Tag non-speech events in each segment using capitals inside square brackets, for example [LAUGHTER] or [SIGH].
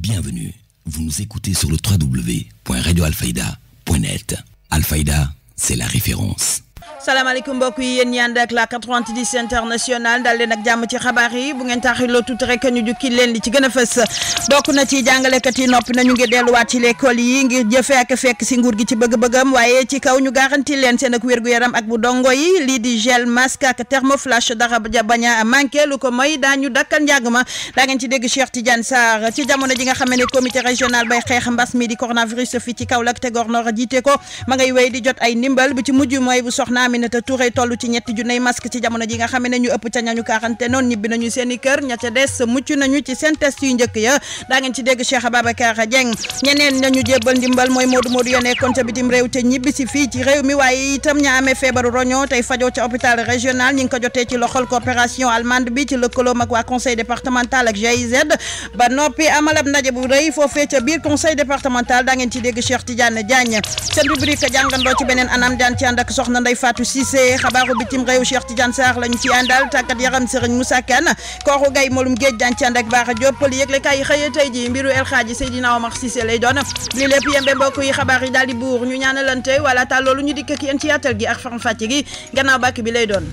Bienvenue, vous nous écoutez sur le www.radioalfaïda.net. Alfaïda, c'est la référence. salaamaaleykum mbokk yi yéen ñi ànd ak la 90 international daal leen jàmm ci xabaar yi bu ngeen taxi loo tuuti rek ñu jukki leen li ci gën a dokk na ci jàngalekat yi noppi nañu ngi delluwaat ci l'école yi ngir jëfe ak fekk si nguur gi ci bëgg-bëggam waaye ci kaw ñu garanti leen seen ak wér-gu-yaram ak bu dongo yi lii di gel masque ak thermoflash dara ja bañ a manqué lu ko mooy daañu dakkal njàng ma daa ngeen ci dégg Cheikh Tidiane Sarr ci jamono ji nga xam ne comité régional bay xeex mbas mi di coronavirus fii ci soxna Aminata Touré toll ci ñetti junney masque ci jamono ji nga xam ne ëpp ca ñañu quarantaine noonu ñibbi nañu seen i kër ña ca des mucc nañu ci seen test yu njëkk ya daa ci dégg Cheikh ci réew mi waaye itam ña ci beneen anam daan ci ànd ak soxna Ndeye Fatou Cissé xabaaru bitim réew Cheikh Tidiane Sarr lañ ci àndal tàggat yaram Serigne Moussa Kane kooru gay molum géej daan ci ànd baax a Diop li yëgle kay xëye tey ji mbiru El Hadji Seydina Omar Cissé lay doon li lépp yembe mbokk yi xabaar yi daal di buur ñu ñaanalante wala taal loolu ñu dikk ak yéen ci yaatal gi ak faram fàcce gi gannaaw bàkk bi lay doon.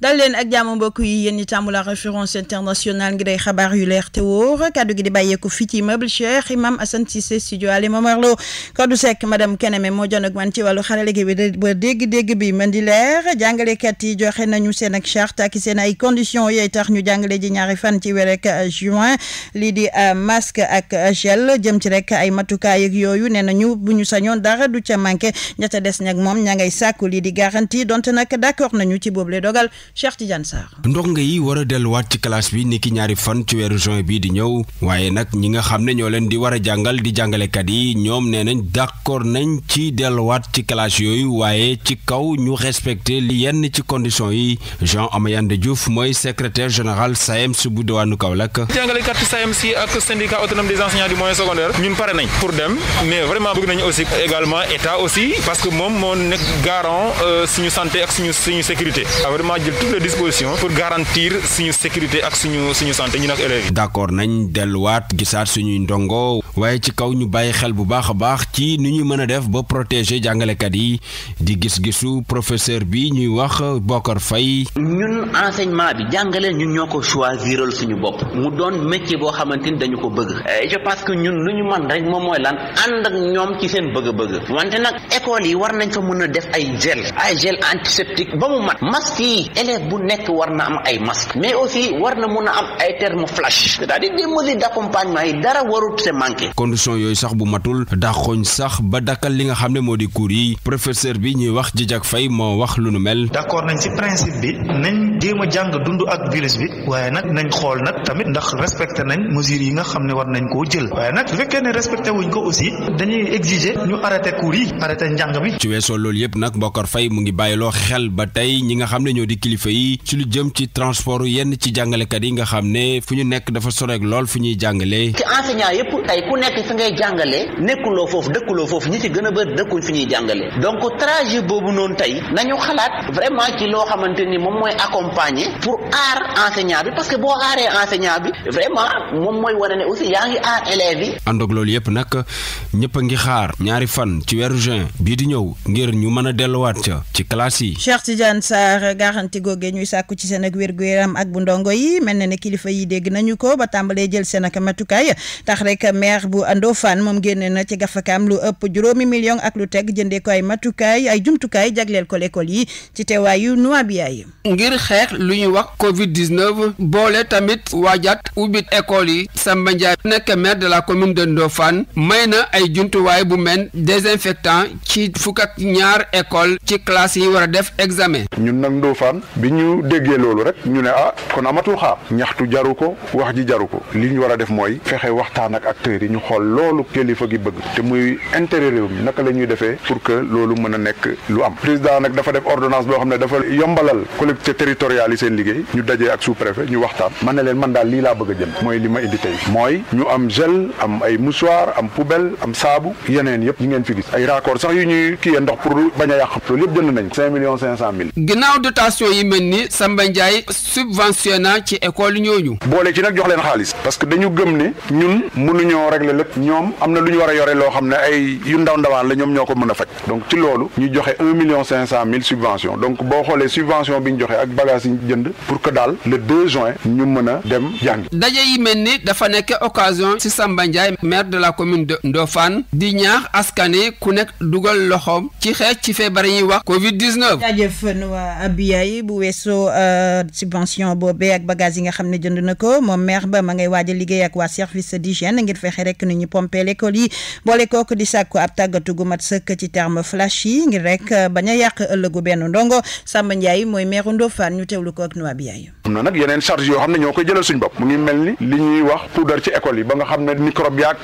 dal leen ak jàmm mbokk yi yéen ñi tàmmu la référence internationale ngi day xabaar yu leer te wóor kaddu gi di bàyyeeku fii ci meuble Cheikh Imam si Cissé studio Ali Momar Lo kaddu sekk madame Keneme moo jon ak man ci wàllu xarale gi bi ba dégg-dégg bi man di leer jàngalekat yi joxe nañu seen ak charte ak seen ay conditions yooyu tax ñu jàngale ji ñaari fan ci weer ak euh, juin lii di euh, masque ak euh, gel jëm ci rek ay matukaay ak yooyu nee nañu bu ñu sañoon dara du ca manqué ñetta des nag moom ña ngay sàkku lii di garantie donte nag d'accord nañu ci boobule dogal Cheikh Tidiane Sarr. ndongo yi war a delluwaat ci classe bi niki ñaari fan ci weeru juin bii di ñëw waaye nag ñi nga xam ne ñoo leen di war a jàngal di jàngalekat yi ñoom nee nañ d'accord nañ ci delluwaat ci classe yooyu waaye ci kaw ñu respecté li yenn ci conditions yi Jean Amayande Diouf mooy secrétaire général SAEMS e bu diwaanu Kaolack. jàngalekat SAEMS e yi ak syndicat autonome des enseignants du moyen secondaire ñun pare nañ pour dem mais vraiment bëgg nañu aussi également état aussi parce que moom moo nekk garant euh, suñu santé suñu suñu sécurité ah, toutes les dispositions pour garantir suñu sécurité ak suñu suñu santé ñu ak élèves yi. d' accord nañ delluwaat gisaat suñuy ndongo waaye ci kaw ñu bàyyi xel bu baax a baax ci ni ñu mën a def ba protéger jàngalekat yi di gis-gisu professeur bi ñuy wax Bokar Faye. ñun enseignement bi jàngale ñun ñoo ko choisiral suñu bopp mu doon métier boo xamante ni dañu ko bëgg eh, je pense que ñun lu ñu mën rek moom mooy lan ànd ñoom ci seen bëgg-bëgg wante nag école yi war nañ fa mën a def ay gel élève bu nekk war na am ay masque mais aussi war na mun a am ay terme flash c'est-à-dire des mesures d'accompagnement dara warut se manqué yooyu sax bu matul dàqooñ sax ba dakkal li nga xam ne moo di cours yi professeur bi ñuy wax Jijak moo wax lu nu mel d'accord nañ ci principe bi nañ jéem a jàng dund ak virus bi waaye nag nañ xool nag tamit ndax respecté nañ mesures yi nga xam ne war nañ koo jël waaye nag bu fekkee ne respecté wuñ ko aussi dañuy exiger ñu arrêté cours yi arrêté njàng bi ci weesoo loolu yëpp nag Bokar Faye mu ngi bàyyiloo xel ba tey ñi kilifa yi ci lu jëm ci transport yenn ci jàngalekat yi nga xam ne fu ñu nekk dafa soreek lool fu ñuy jàngalee. ci enseignant yëpp tey ku nekk fi ngay jàngalee nekkuloo foofu dëkkuloo foofu ñi ci gën a bëri dëkkuñ fi ñuy jàngalee donc trajet boobu noonu tey nañu xalaat vraiment ci loo xamante ni moom mooy accompagner pour aar enseignant bi parce que boo aaree enseignant bi vraiment moom mooy wane ne aussi yaa ngi aar élèves yi. ànd ak loolu yëpp nag ñëpp a ngi xaar ñaari fan ci weeru juin bii di ñëw ngir ñu mën a delluwaat googee ñuy sàkku ci seen ak wér-gu-yaram ak bu ndongo yi mel na ne kilifa yi dégg nañu ko ba tàmbalee jël seen ak matukaay tax rek maire bu Ndofane moom génnee na ci gafakaam lu ëpp juróomi million ak lu teg jëndee ko ay matukaay ay jumtukaay jagleel ko l'école yi ci teewaayu Nouabia ngir xeex lu ñuy wax Covid 19 boole tamit waajat ubbit école yi Samba Ndiaye nekk maire de la commune de Ndofane may na ay jumtuwaay bu mel désinfectant ci fukk ñaar école ci classe yi war a def examen. ñun bi ñu déggee loolu rek ñu ne ah kon amatul xaar ñaxtu jaru ko wax ji jaru ko li ñu war a def mooy fexe waxtaan ak acteurs yi ñu xool loolu kilifa gi bëgg te muy intérêt réew mi naka la ñuy defee pour que loolu mën a nekk lu am président nag dafa def ordonnance boo xam ne dafa yombalal collecte territoriale yi seen liggéey ñu dajee ak sous-préfet ñu waxtaan man na leen man daal lii laa bëgg a mooy li ma indi tey mooy ñu am gel am ay mouchoir am poubelle am saabu yeneen yëpp yi ngeen fi gis ay raccord sax yu ñuy kiyee ndox pour bañ a yàq loolu nañ 5 millions 500 mel ni Samba Ndiaye subventionna ci école ñooñu. boole ci nag jox leen xaalis parce que dañu gëm ni ñun mënuñoo régler lépp ñoom am na lu ñu war a yore loo xam ne ay yu ndaw ndawaan la ñoom ñoo ko mën a faj donc ci loolu ñu joxe un million cinq cent mille subvention donc boo xoolee subvention bi ñu joxe ak bagage yi ñu jënd pour que daal le 2 juin ñu mën a dem jàngi. daje yi mel ni dafa nekk occasion ci Samba maire de la commune de Ndofane di ñaax askan ku nekk dugal loxoom ci xeex ci feebar yi weesoo euh, subvention boobee ak bagage yi nga xam ne jënd na ko moom maire ba ma ngay waaj a liggéey ak waa service d'hygiène ngir fexe rek ni ñu pomper l'école yi boole kooku di sàkku ab tàggatu gu sëkk ci terme flash yi ngir rek euh, bañ a yàq ëllëgu benn ndongo Samba Ndiaye mooy maire Ndofane ñu teewlu ko ak Noa Biaye. am na nag yeneen charge yoo xam ne ñoo koy jëlal suñ bopp mu ngi mel ni li ñuy wax poudre ci école yi ba nga xam ne microbe yaak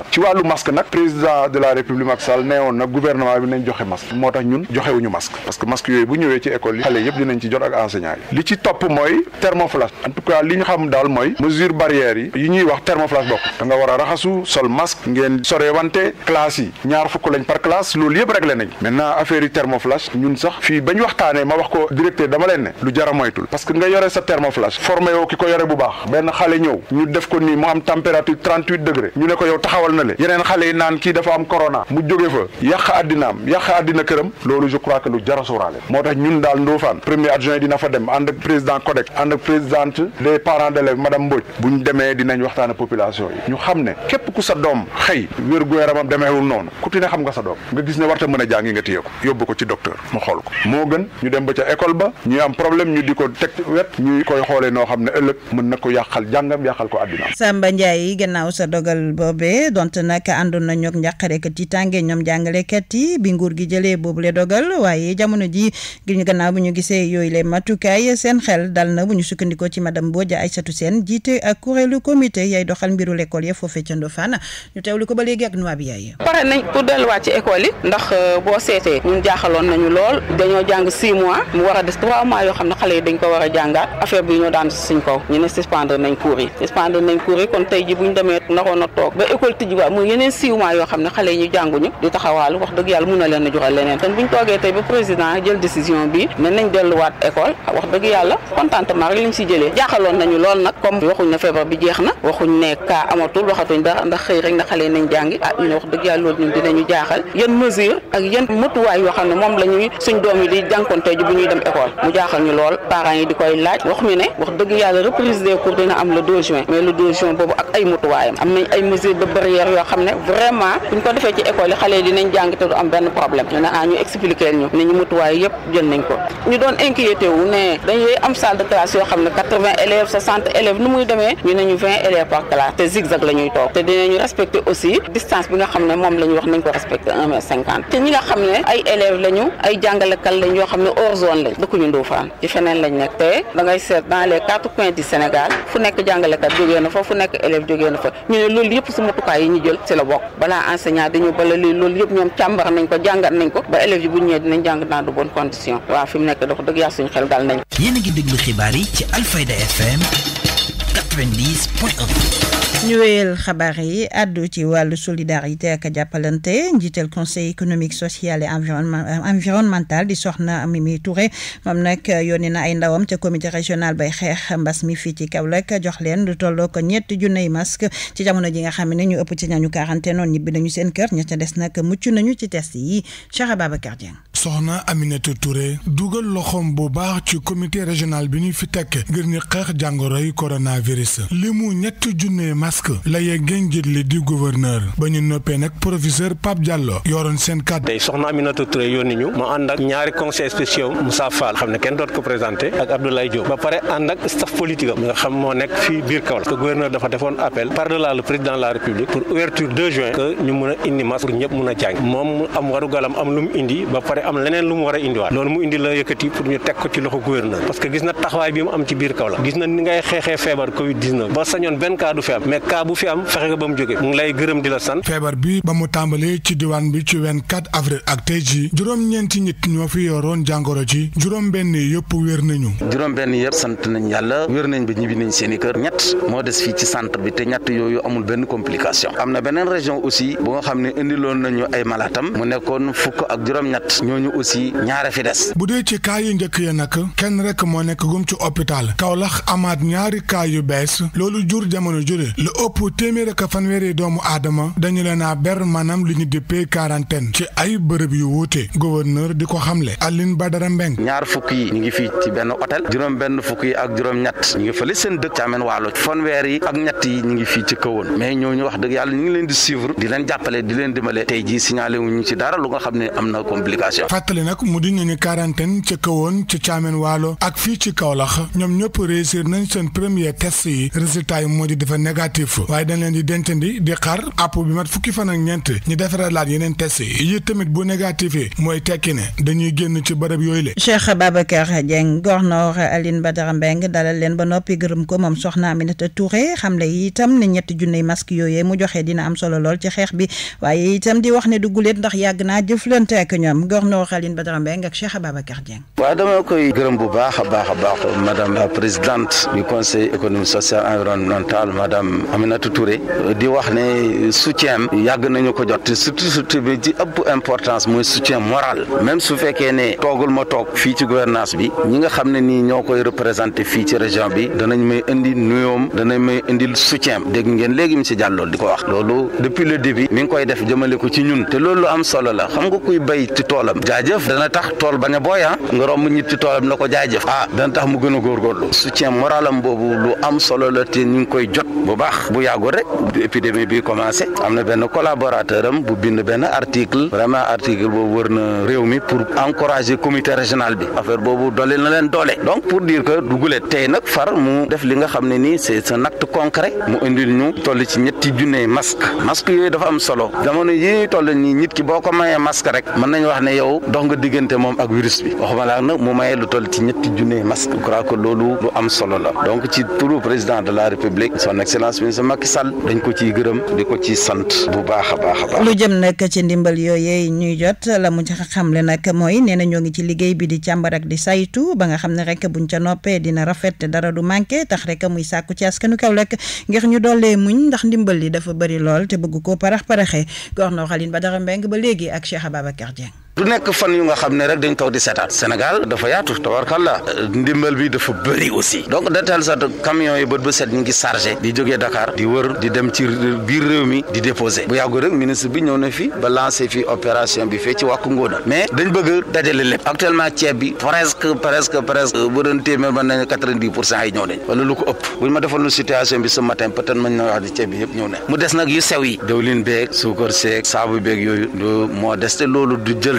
ak ci wàllu masque nag président de la république Macky Sall nee woon nag gouvernement bi nañ joxe masque moo tax ñun joxewuñu masque parce que masque yooyu bu ñëwee ci école yi xale yëpp dinañ ci jot ak enseignant yi li ci topp mooy thermoflash en tout cas li ñu xam daal mooy mesure barrière yi yi ñuy wax thermoflash bokk da nga raxasu sol masque ngeen wante classe yi ñaar fukk lañ par classe loolu yëpp réglé nañ maintenant affaire yi thermoflash ñun sax fii bañ waxtaanee ko directeur dama leen ne lu jara moytul parce que nga yore sa thermoflash formé yoo ki baax benn xale ñëw ñu def ko nii mu am température 38 ñu ne ko yow taxawal jàllale yeneen xale yi naan kii dafa am corona mu jóge fa yàq addinaam yàq addina këram loolu je crois que lu jara suuraale moo tax ñun daal Ndofane premier adjoint dina fa dem ànd président CODEC ànd ak présidente des parents d'élèves madame Mbodj bu ñu demee dinañ waxtaan population yi ñu xam ne képp ku sa doom xëy wér gu yaramam demeewul noonu ku ti ne xam nga sa doom nga gis ne warta mën a jàngi nga téye yóbbu ko ci docteur mu xool ko moo gën ñu dem ba am problème ko teg wet ñuy xam ne ëllëg mën na ko yàqal jàngam yàqal ko àddina Samba Ndiaye gannaaw sa dogal donte nag àndoon nañu ak njàqare ak tiitaange ñoom jàngalekat yi bi nguur gi jëlee boobu le dogal waaye jamono ji ngir ñu gannaaw bu ñu gisee yooyu na bu ñu sukkandikoo ci madame Bodian Aïssatou Sène jiite ak kuréelu comité yaay doxal mbiru l'école ya ko ba léegi ak noa bi yaay. pare nañ pour delluwaat ci école yi ndax euh, boo seetee ñun jaaxaloon nañu lool dañoo jàng 6 mu war a des 3 yoo xam ne xale yi dañ ko war a jàngaat affaire bi ñoo daan suñ kaw ñu ne suspendre nañ cours yi suspendre nañ cours yi kon tey ji bu ñu demee naroon a toog ba école tij ji ba mu yeneen siiwmaa yoo xam ne xale yi ñu jànguñu di taxawaalu wax dëgg yàlla mun na leen a joxal leneen kon buñ toogee tey ba président jël décision bi ne nañ delluwaat école wax dëgg yàlla contentement rek liñ na feebar na waxuñ ne kaa amatul waxatuñ na xale yi nañ jàngi ah ñu ne wax dëgg yàlla loolu ñun dinañu jaaxal yan mesure ak yan matuwaay la ñuy suñ doom yi di bu ñuy dem école mu jaaxal ñu lool parents yi di koy laaj wax ñu ne wax dëgg yàlla reprise des cours dina am le mais le 2 juin boobu ak ay matuwaayam am nañ ay mesure de barrière matière yoo xam ne vraiment buñ ko defee ci école yi xale yi dinañ jàng du am benn problème ñu ne ah ñu expliquer ñu ne ñu mutuwaay yëpp jël nañ ko ñu doon inquiété wu ne dañuy xam ne quatre-vingts la respecter aussi distance bi nga xam ne moom la wax nañ ko respecter un mètre cinquante te ñi nga xam ne ay élèves lañu ay jàngalekat lañ yoo xam ne hors zone lañ dëkkuñu Ndofane ci feneen lañ nekk te da seet dans les quatre coins du Sénégal fu nekk jàngalekat jógee ñu jël si la bokk balaa enseignant dañu bala lii loolu yëpp ñoom càmbar nañ ko jàngat nañ ko ba élèves yi bu ñëwee dinañ jàng dans de bonnes conditions fi mu nekk dox dëgg yaa xel dal nañ yéen a ngi déglu xibaar yi ci Alfayda FM 90 ñu wéyal xabaar yi àddu ci wàllu solidarité ak jàppalante njiital conseil économique social et euh, environnemental di soxna Mimi Touré moom nag yónnee na ay ndawam ca comité régional bay xeex mbas mi fii ci kaw Kaolack jox leen lu tolloo ko ñetti junney masque ci jamono ji nga xam ne ñu ëpp ci ñañu quarantaine noonu ñibbi nañu seen kër ña ca des nag mucc nañu ci test yi Cheikh Ababacar Dieng. soxna Aminata Touré dugal loxoom bu baax ci comité régional bi ñu fi tekk ngir ñu xeex masque la yee ngeen jëtli di gouverneur ba ñu noppee nag professeur Pape Diallo yoroon seen kàddu. tey soxna Aminata Touré yónni ñu mu ànd ak ñaari conseil spéciaux Moussa Fall xam ne kenn doot ko présenté ak Abdoulaye Diop ba pare ànd ak staff politique am nga xam moo nekk fii biir Kaolack que gouverneur dafa defoon appel par delà le président la République pour ouverture juin que ñu mun a indi masque pour ñëpp mun a jàng moom am am lu am lu mu indi cas bu fi am fexe nga ba mu jóge mu ngi lay gërëm di la sant. feebar bi ba mu tàmbalee ci diwaan bi ci 24 avril ak tey jii juróom-ñeenti nit ñoo fi yoroon jàngoro ji juróom-benn yëpp wér nañu. juróom-benn yëpp sant nañu yàlla wér nañ ba ñibbi nañ seen i kër ñett moo des fii ci centre bi te ñett yooyu amul benn complication am na beneen région aussi bu nga xam ne indiloon nañu ay malaatam mu nekkoon fukk ak juróom-ñett ñooñu aussi ñaare fi des. bu dee ci cas yu njëkk ya nag kenn rek moo nekk gum ci hôpital Kaolack amaat ñaari yu bees loolu lu ëpp téeméer ak fanweeri doomu aadama dañu leen a ber maanaam li ñu dippee quarantaine ci ay bërëb yu wuute gouverneur di ko xam le xamle Aline Badara Mbeng ñaar fukk yi ñu ngi fii ci benn hôtel juróom benn fukk yi ak juróom ñett ñu ngi fële seen dëkk ci ameen waalo fanweer yi ak ñett yi ñu ngi fii ci kawoon mais ñooñu wax dëgg yàlla ñu ngi leen di suivre di leen jàppale di leen dimbale tey jii signalé wu ñu ci dara lu nga xam ne am na complication fàttali nag mu di ñu quarantaine ca kawoon ci caamen waalo ak fii ci Kaolack ñoom ñëpp nañ seen premier test yi positif waaye dañ leen di dentandi di xaar app bi mat fukki fan ak ñeent ñu defaraat laat yeneen test yi tamit bu négatif mooy tekki ne dañuy génn ci bërëb yooyu la. Cheikh Babacar Dieng gornoor Aline Badara dalal leen ba noppi gërëm ko moom soxna Aminata Touré xamle itam ne ñetti junni masque yooyee mu joxe dina am solo lool ci xeex bi waaye itam di wax ne du guleet ndax yàgg naa jëflante ak ñoom gornoor Aline Badara ak Cheikh a a am Aminata Touré euh, di wax ne soutien yàgg nañu ko jot surtout surtout bi ci ëpp importance mooy soutien moral même su fekkee ne toogul ma toog fii ci gouvernance bi ñi nga xam ne nii ñoo koy représenter fii ci région bi danañ may indi nuyoom danañ may indil soutien dégg ngeen léegi monsieur Diallo di ko wax loolu depuis le début mi ngi koy def jëmale ko ci ñun te loolu lu am solo la xam nga koy bay ci toolam jaajëf dana tax tool bañ a booy ah nga romb nit ci toolam na ko jaajëf ah mu gën a góorgóorlu soutien moralam boobu lu am solo la ñu ngi koy jot bu baax sax bu yàggul rek du épidémie bi commencé am na benn collaborateur am bu bind benn article vraiment article boobu wër réew mi pour encourager comité régional bi affaire boobu doole na leen doole donc pour dire que dugulee tey nag far mu def li nga xam ne ni c'est un acte concret mu indil ñu toll ci ñetti junne masque masque yooyu dafa am solo jamono yi ñuy toll nii nit ki boo ko mayee masque rek mën nañu wax ne yow dox nga diggante moom ak virus bi waxuma laa nag mu mayee lu toll ci ñetti junne masque je que loolu lu am solo la donc ci turu président de la république son excellence su ma Macky Sall dañ ko ciy gërëm di ko ciy sant bu baax a baax a baax. lu jëm nag ci ndimbal yooyee ñuy jot la mu ca xamle nag mooy nee na ñoo ngi ci liggéey bi di càmbar ak di saytu ba nga xam ne bu buñ ca noppee dina rafet dara du manqué tax rek muy sàkku ci askanu Kaolack ngir ñu doolee muñ ndax ndimbal li dafa bëri lool te bëgg ko parax paraxee gox na ba Badara mbeng ba léegi ak Cheikh Ababacar Dieng du nekk fan yu nga xam ne rek dañ toog di seetaat Sénégal dafa yaatu tabarkalla ndimbal bi dafa bëri aussi donc de telle sorte camion yi bët ba set ñu ngi chargé di jógee Dakar di wër di dem ci biir réew mi di déposé bu yàgg rek ministre bi ñëw na fi ba lancé fii opération bi fee ci wàkku ngóona mais dañ bëgg dajale lépp actuellement ceeb bi presque presque presque bu nañu quatre-vingt-dix pour na wax ni ceeb bi yëpp ñëw nañ mu des nag yu sew yi dawlin beeg suukar seeg saabu beeg yooyu moo des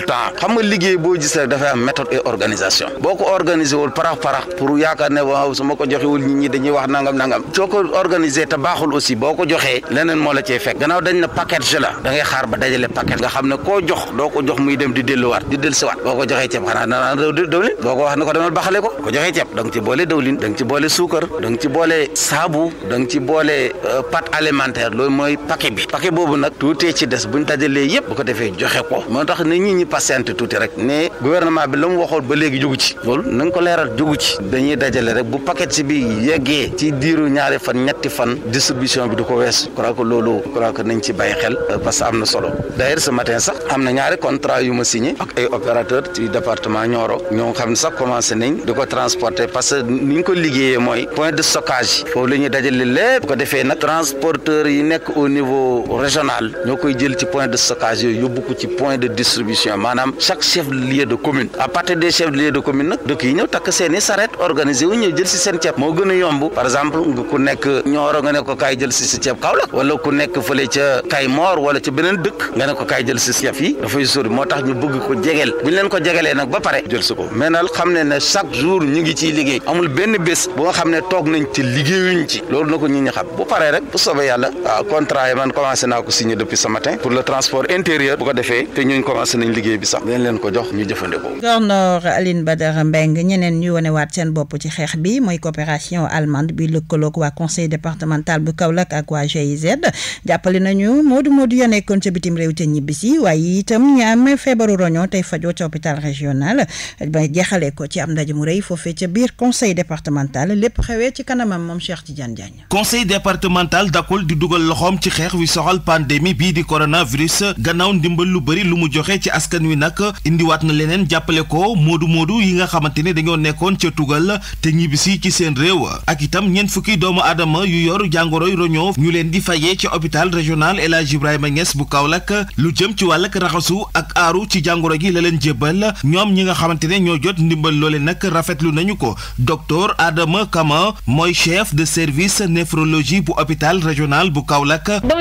du temps xam nga liggéey boo gis rek dafay am méthode et organisation boo ko organisé wul parax parax pour yaakaar ne waaw su ko joxewul nit ñi dañuy wax nangam nangam soo ko organisé te baaxul aussi boo ko joxee leneen moo la cee fekk gannaaw dañ na package la da ngay xaar ba dajale package nga xam ne koo jox doo ko jox muy dem di delluwaat di dellusiwaat boo ko joxee ceeb xanaa danaa dawlin boo ko wax ne ko demal baxale ko ko joxee ceeb da nga ci boole dawlin da nga ci boole suukar da nga ci boole saabu da nga ci boole euh, pâte alimentaire loolu mooy paquet bi paquet boobu nag tuutee ci des buñ dajalee yëpp bu ko defee joxe ko patiente tuuti rek ne gouvernement bi la mu waxoon ba léegi jugu ci loolu na ko leeral jugu ci bu paquet si bi yeggee ci diiru ñaari fan ñetti fan distribution bi du ko wees crois loolu crois que ci bàyyi xel euh, parce am na solo d'ailleurs ce matin sax am na ñaari contrat yu ma signé ak ay opérateur ci département Nioro ñoo xam ne sax commencé nañ di ko transporter parce que ko liggéeyee mooy point de stockage foofu la dajale lépp ko defee nag transporteur yi nekk au maanaam chaque chef lieu de commune à partir des chefs lieu de commune nag dëkk yi ñëw takk seen i saret organisé wu ñëw jël si seen ceeb moo gën a yomb par exemple ku nekk ñooro nga ne ko kaay jël si si ceeb Kaolack wala ku nekk fële ca Kaymoor wala ca beneen dëkk nga ne ko kaay jël si ceeb yi dafay sori moo tax ñu bëgg ko jegeel bu ñu leen ko jegelee nag ba pare jël si ko mais nag xam ne ne chaque jour ñu ngi ciy liggéey amul benn bés bu nga xam ne toog nañ ci liggéeyuñ ci liggéey bi sax dinañ leen ko jox ñu jëfandikoo. gouverneur Alioune Badara Mbengue ñeneen ñu wanewaat seen bopp ci xeex bi mooy coopération allemande bi lëkkaloog waa conseil départemental bu Kaolack ak waa GIZ ko ci am ndaje mu rëy foofee ca biir conseil départemental lépp xewee ci kanamam moom Cheikh Tidiane Diagne. conseil départemental dakul di dugal loxoom ci xeex wi soxal pandémie bii di coronavirus gannaaw ndimbal lu bëri lu mu joxe ci askan askan wi nag indiwaat na leneen jàppale ko moodu moodu yi nga xamante ne dañoo nekkoon ca tugal te ñibbisi ci seen réew ak itam ñeent fukki doomu aadama yu yor jàngoroy roñoo ñu leen di fayee ci hôpital régional El Hadj nges Niass bu Kaolack lu jëm ci wàllug raxasu ak aaru ci jàngoro gi la leen jébbal ñoom ñi nga xamante ne ñoo jot ndimbal loole nag rafetlu nañu ko docteur Adama Kama mooy chef de service néphrologie bu hôpital régional bu Kaolack. doo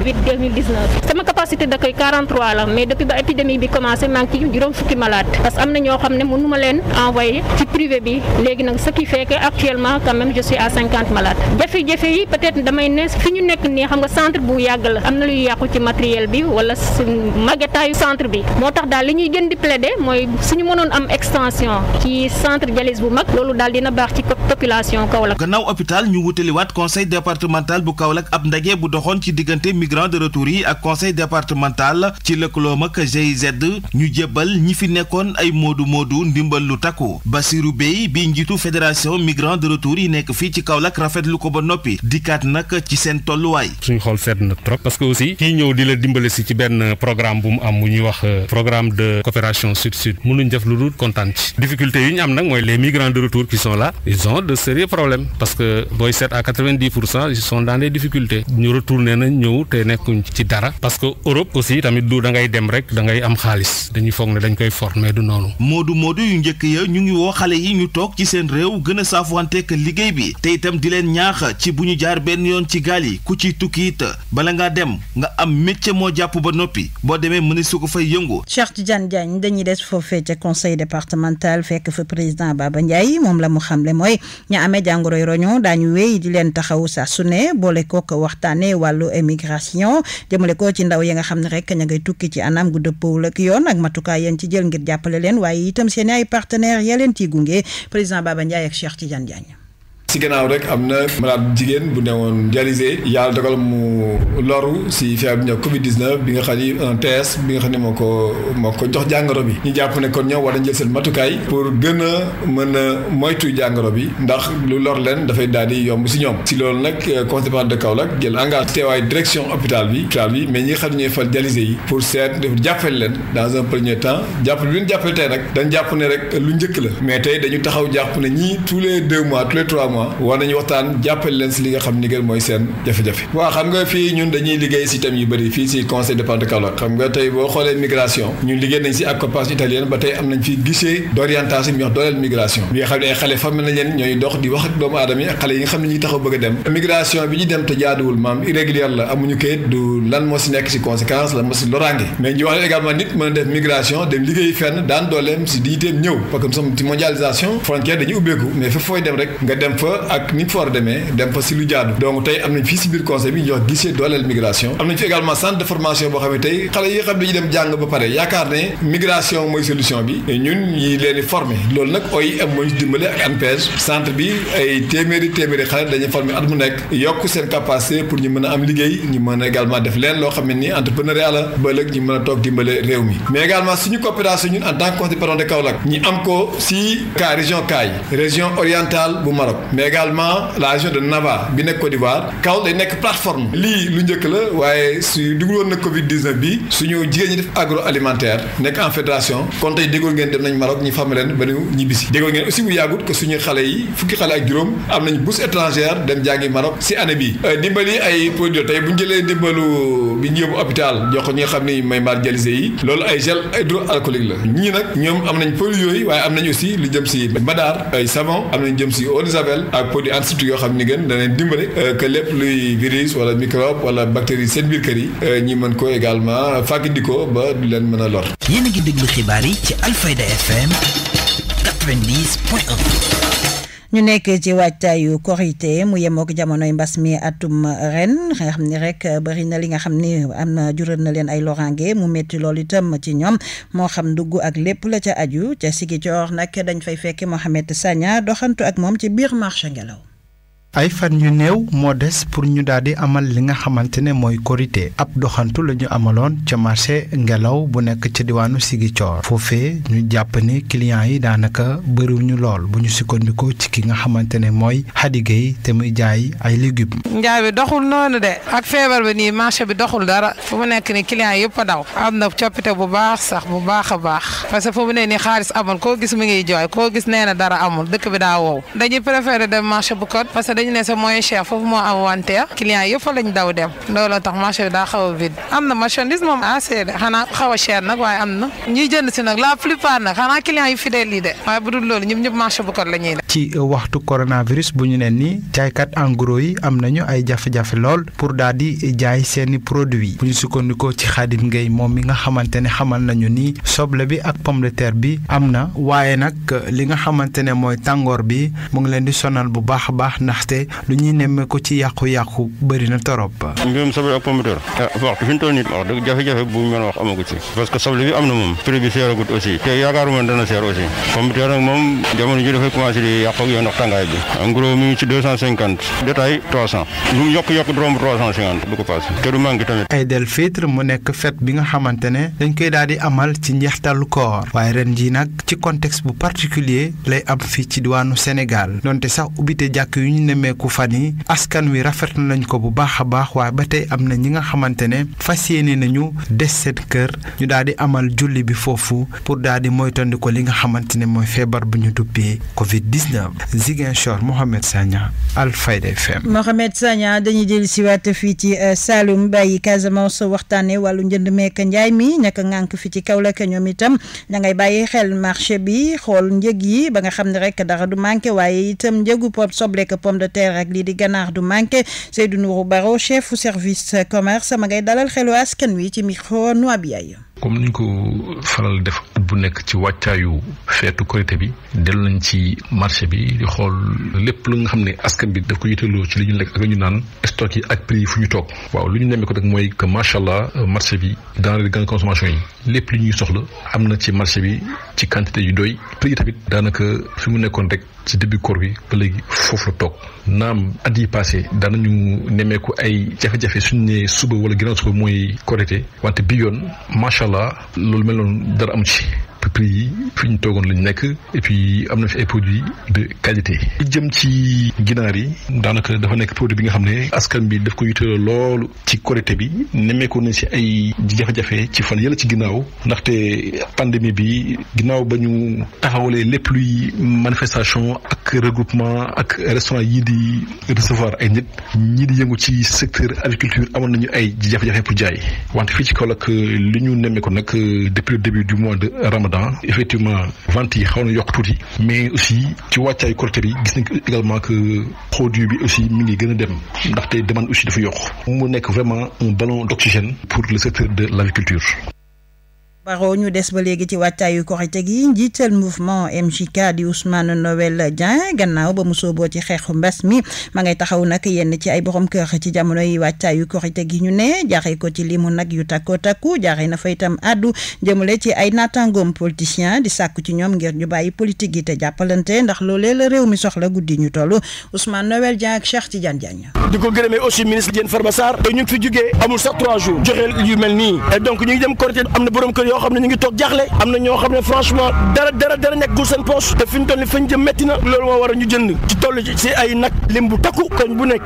Covid 2019 sama capacité d'accueil 43 la mais depuis ba épidémie bi commencé maa ngi juróom fukki malade parce am na ñoo xam ne mënu ma leen envoyé ci privé bi léegi nag ce qui fait que actuellement quand même je suis à 50 jafe-jafe yi peut damay ne fi ñu nekk nii xam nga centre bu yàgg la am na luy yàqu ci matériel bi wala su magetaayu centre bi moo tax daal li ñuy gën di plaider mooy su ñu mënoon am extension ci centre dialyse bu mag loolu daal dina baax ci population Kaolack gannaaw hôpital ñu wutaliwaat conseil départemental bu Kaolack ab ndaje bu doxoon ci diggante migrants de retour yi ak conseil départemental ci lëkkaloom ak GIZ ñu jébbal ñi fi nekkoon ay moodu moodu ndimbal lu takku Bassirou Bey bi njiitu fédération migrants de retour yi nekk fii ci Kaolack lu ko ba noppi dikkaat nag ci seen tolluwaay. suñu xool seet na trop parce que aussi kii ñëw di la dimbale si ci benn programme bu mu am mu ñuy wax euh, programme de coopération sud sud mënuñ def lu dul kontaan ci difficulté yi ñu am nag mooy les migrants de retour qui sont là ils ont de sérieux problèmes parce que booy seet nekkuñ ci dara parce que Europe aussi tamit du da ngay dem rek da ngay am xaalis dañuy foog ne dañ koy former du noonu. moodu moodu yu njëkk ya ñu ngi woo xale yi ñu toog ci seen réew gën a saafuwanteek liggéey bi te itam di leen ñaax ci bu ñu jaar benn yoon ci gaal yi ku ci tukki bala ngaa dem nga am métier moo jàpp ba noppi boo demee mën su ko fay yëngu. Cheikh Tidiane Diagne dañuy des foofee ca conseil départemental fekk fa président Baba Ndiaye moom la mu xamle mooy ña amee si orientation jëmale ko ci ndaw yi nga xam ne rek ña ngay tukki ci anam gu dëppoowul ak yoon ak matukaay yéen ci jël ngir jàppale leen waaye itam seen ay partenaires ya leen ciy gunge président Baba Ndiaye ak ci Tidiane Diagne ci gannaaw rek am na malade jigéen bu newoon dialysé yàlla dogal mu loru si feebar bi ñu Covid 19 bi nga xam ni un test bi nga xam ne moo ko moo ko jox jàngoro bi ñu jàpp ne kon ñoom war dañ jël seen matukaay pour gën a mën a moytu jàngoro bi ndax lu lor leen dafay daal di yomb si ñoom ci loolu nag euh, conséquence de Kaolack jël engagé teewaay direction hôpital bi hôpital bi mais ñi nga xam ne ñooy fal dialysé yi pour seet def leen dans un premier temps jàpp bi ñu jàppale tey nag dañ jàpp ne rek lu njëkk la mais tey dañu taxaw jàpp ne ñii tous les également war nañu waxtaan jàppale leen si li xam ni gën xam nga fii liggéey si thème yu bëri fii si conseil départemental de xam nga tey boo xoolee migration ñun liggéey nañ si accompagne italienne ba tey am nañ fi guichet d'orientation bi wax dox di wax ak doomu aadama ak xale yi nga xam ne ñuy taxaw bëgg a dem migration bi ñu dem te jaaduwul maam irrégulière la amuñu kayit du lan moo si nekk si conséquence lan moo si loraange mais ñu wax également nit mën a def fa ak ni mu fa war a demee dem fa si lu jaadu donc tey am na fii si biir conseil bi ñu jox guichet dooleel migration am nañ fi également centre de formation boo xam ne tey xale yi nga xam ne dañuy dem jàng ba pare yaakaar ne migration mooy solution bi ñun ñi leen di former loolu nag OIM moo ñu dimbale ak ANPEJ centre bi ay téeméeri téeméeri xale dañuy former at mu nekk yokk seen capacité pour ñu mën a am liggéey ñu mën a également def leen loo xam ne ni entrepreneuriat la ba léegi ñu mën a toog dimbale réew mi mais également suñu coopération ñun en tant que conseil am ko si ka région Kaay région orientale bu Maroc mais également la région de Nava bi nekk Côte d'Ivoire Kaolack day nekk plateforme lii lu njëkk la waaye su dugul woon na Covid bi suñu jigéen ñi def alimentaire nekk en fédération kon tey déggoon ngeen dem nañ Maroc ñu fàmm leen ba ñu ñibbisi déggoon ngeen aussi bu yàggut que suñu xale yi fukki xale ak juróom am nañ bourse étrangère dem jàngi Maroc si année bi euh, dimbali ay produits tey bu ñu jëlee dimbalu bi ñu yóbbu hôpital jox ñi xam ni may marjalisé yi loolu ay gel hydroalcoolique la ñii nag ñoom am nañ produits yooyu waaye am nañ aussi lu jëm si madaar ay am nañ jëm si eau de ak produit antiseptique yoo xam ni gën danañ dimbale euh, que lépp luy virus wala microbe wala bactérie seen biir kër yi euh, ñi mën ko également fàggandikoo ba du leen mën a lor. yéen a déglu xibaar yi ci Alfayda FM 90 ñu nekk ci waajtaayu korité mu yemook jamonoy mbas mi atum ren nga xam ni rek bëri na li nga xam ni am na jural na leen ay loraange mu métti loolu itam ci ñoom moo xam dugg ak lépp la ca aju ca Ziguinchor nag dañ fay fekk Mohamed Sagna doxantu ak moom ci biir marché Ngelaw ay fan yu néew moo des pour ñu daal di amal li nga xamante ne mooy korité ab doxantu la ñu amaloon ca marché ngelaw bu nekk ca diwaanu Ziguinchor foofee ñu jàpp ni clients yi daanaka bëriwuñu lool bu ñu sukkandikoo ci ki nga xamante ne mooy Khady Gueye te muy jaay ay légumes. njaay bi doxul noonu de ak feebar bi nii marché bi doxul dara fu mu nekk ni clients yëpp a daw am na coppite bu baax sax bu baax a baax parce que fu mu ne nii xaalis amul koo gis mu ngi jooy koo gis nee na dara amul dëkk dañu ne sa a cher foofu moo am wanteer ah. client yëpp lañ daw looloo tax marché daa xaw a vide am na marchandise moom assez ah, de a cher nag waaye am na ñiy si nag la plupart nag xanaa client yu fidèle yi de waaye bu dul loolu ñëpp marché bu kot la ci waxtu coronavirus bu ñu neen ni jaaykat en yi am nañu ay jafe-jafe lool pour daal di jaay seeni produit bu ñu sukkandikoo ci Xaadim Ngay moom mi nga xamante ne xamal nañu ni soble bi ak pomme bi am na waaye nag li nga xamante ne mooy tàngoor bi mu ngi leen di sonal bu baax a baax ndaxte lu ñuy nemmeeku ci yàqu-yàqu bëri na torop. mbirum soble ak pomme de terre waxtu eh, fi ñu toll nii wax dëgg jafe-jafe bu ñu wax amagu ci parce que soble bi am na moom prix bi seeragut aussi te yaakaaruma dana seer bi yàq ak yoon ndax tàngaay bi en gros mi ngi ci deux cent cinquante détail trois cent lu mu yokk yokk romb trois ko paase te du manqué tamit. Aïd el mu nekk fête bi nga xamante ne dañ koy daal di amal ci njeextalu koor waaye ren jii nag ci contexte bu particulier lay am fii ci diwaanu Sénégal donte sax ubbite jàkk yi ñu nemmeeku fan ni askan wi rafet nañ ko bu baax a baax waaye ba tey am na ñi nga xamante ne fas yéene nañu des seen kër ñu daal di amal julli bi foofu pour daal di li nga xamante ne mooy feebar bu ñu Dina Ziguinchor Mohamed Sagna Alfayda FM. Mohamed Sagna dañuy jël si waat fii ci euh, Saloum bàyyi sa waxtaanee wàllu njënd meek njaay mi ñaka ngànk fii ci Kaolack ñoom itam da ngay bàyyi xel marché bi xool njëg yi ba nga xam ne rek dara du manqué waaye itam njëgu pom soble ak pomme de terre ak lii di ganaar du manqué Seydou Nourou Baro chef service commerce ma ngay dalal xelu askan wi ci micro Noa Biaye. comme niñ ko faral def bu nekk ci wàccaayu feetu korité bi dellu nañ ci marché bi di xool lépp lu nga xam ne askan bi daf ko yitteeloo ci li ñu nekk ak ñu naan stock yi ak prix yi fu ñu toog waaw lu ñu nemmee ko rek mooy que macha allah marché bi denrées de grande consommation yi lépp li ñuy soxla am na ci marché bi ci quantité yu doy prix yi tamit daanaka fi mu nekkoon rek ci début koor bi ba léegi foofu la toog naam at yi passé daanañu nemmeeku ay jafe-jafe suñ ne suba wala ginnaaw suba mooy korité wante bi yoon macha allah loolu mel noonu dara am ci prix yi fi ñu toogoon lañu nekk et am na fi ay produits de qualité. li jëm ci ginaar yi daanaka dafa nekk produit bi nga xam ne askan bi daf ko yitteeloo loolu ci Korité bi nemmeeku nañ si ay jafe ci fan yële ci ginnaaw ndaxte pandémie bi ginnaaw ba ñu taxawalee lépp luy manifestation ak regroupement ak restaurant yii di recevoir ay nit ñii di yëngu ci secteur agriculture amoon nañu ay jafe-jafe pour jaay wante fii ci Kaolack li ñu nag depuis le début du mois de Ramadan. temps effectivement vente yi xaw na yokk tuuti mais aussi ci wàccaay Korité bi gis nañ ko également que produit bi aussi mi ngi gën a dem ndaxte demande aussi dafa yokk mu nekk vraiment un ballon d'oxygène pour le secteur de l'agriculture Faro ñu des ba léegi ci wàccaayu korite gi njiital mouvement MJK di Ousmane Noël Dieng gannaaw ba mu sooboo ci xeexu mbas mi ma ngay taxaw nag yenn ci ay borom kër ci jamono yi wàccaayu korite gi ñu ne jaaree ko ci limu nag yu takko takku jaaree na fa itam àddu jëmale ci ay naataangoom politicien di sàkku ci ñoom ngir ñu bàyyi politique yi te jàppalante ndax loolee la réew mi soxla guddi ñu toll Ousmane Noël Dieng ak Cheikh Tidiane Diagne. di ko gërëmee aussi xam ne ñu ngi toog jaaxle ñoo xam ne franchement dara dara dara nekkul seen poche te fi moo war ne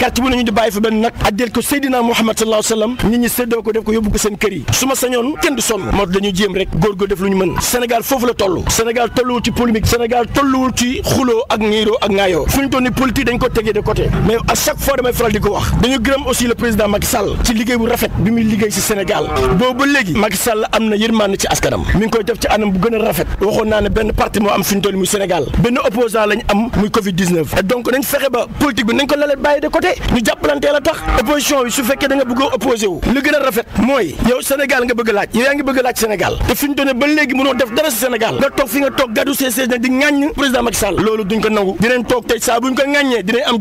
quartier ko Seydina nit ñi séddoo ko def ko yóbbu ko seen kër yi su ma sañoon kenn du sonn moo dañuy jéem rek góorgóor def lu ñu mën Sénégal foofu la toll Sénégal tolluwul ci polémique Sénégal tolluwul ci xuloo ak ñiiroo ak ŋaayoo fi ñu toll ni politique dañ ko tegee de côté mais à chaque fois damay faral di ko wax dañu gërëm aussi le président Macky Sall ci liggéey bu rafet bi muy liggéey ci Sénégal boobu léegi Macky Sall am na yërmande ci askanam mi ngi koy def ci anam a rafet waxoon naa ne benn parti moo am fi ñu muy Sénégal benn opposant lañ am muy Covid 19 donc nañ fexe ba politique bi nañ ko lalee bàyyi de côté ñu jàppalantee la tax opposition bi su fekkee da nga bëgg a opposé wu li gën a rafet mooy yow Sénégal nga bëgg laaj yow yaa ngi bëgg laaj Sénégal te fi ñu doon ba léegi mënoo def dara si Sénégal nga toog fi nga toog gàddu CCD na di ŋàññ président Macky Sall loolu duñ ko nangu dinañ toog tey saa buñ ko ŋàññee dinañ am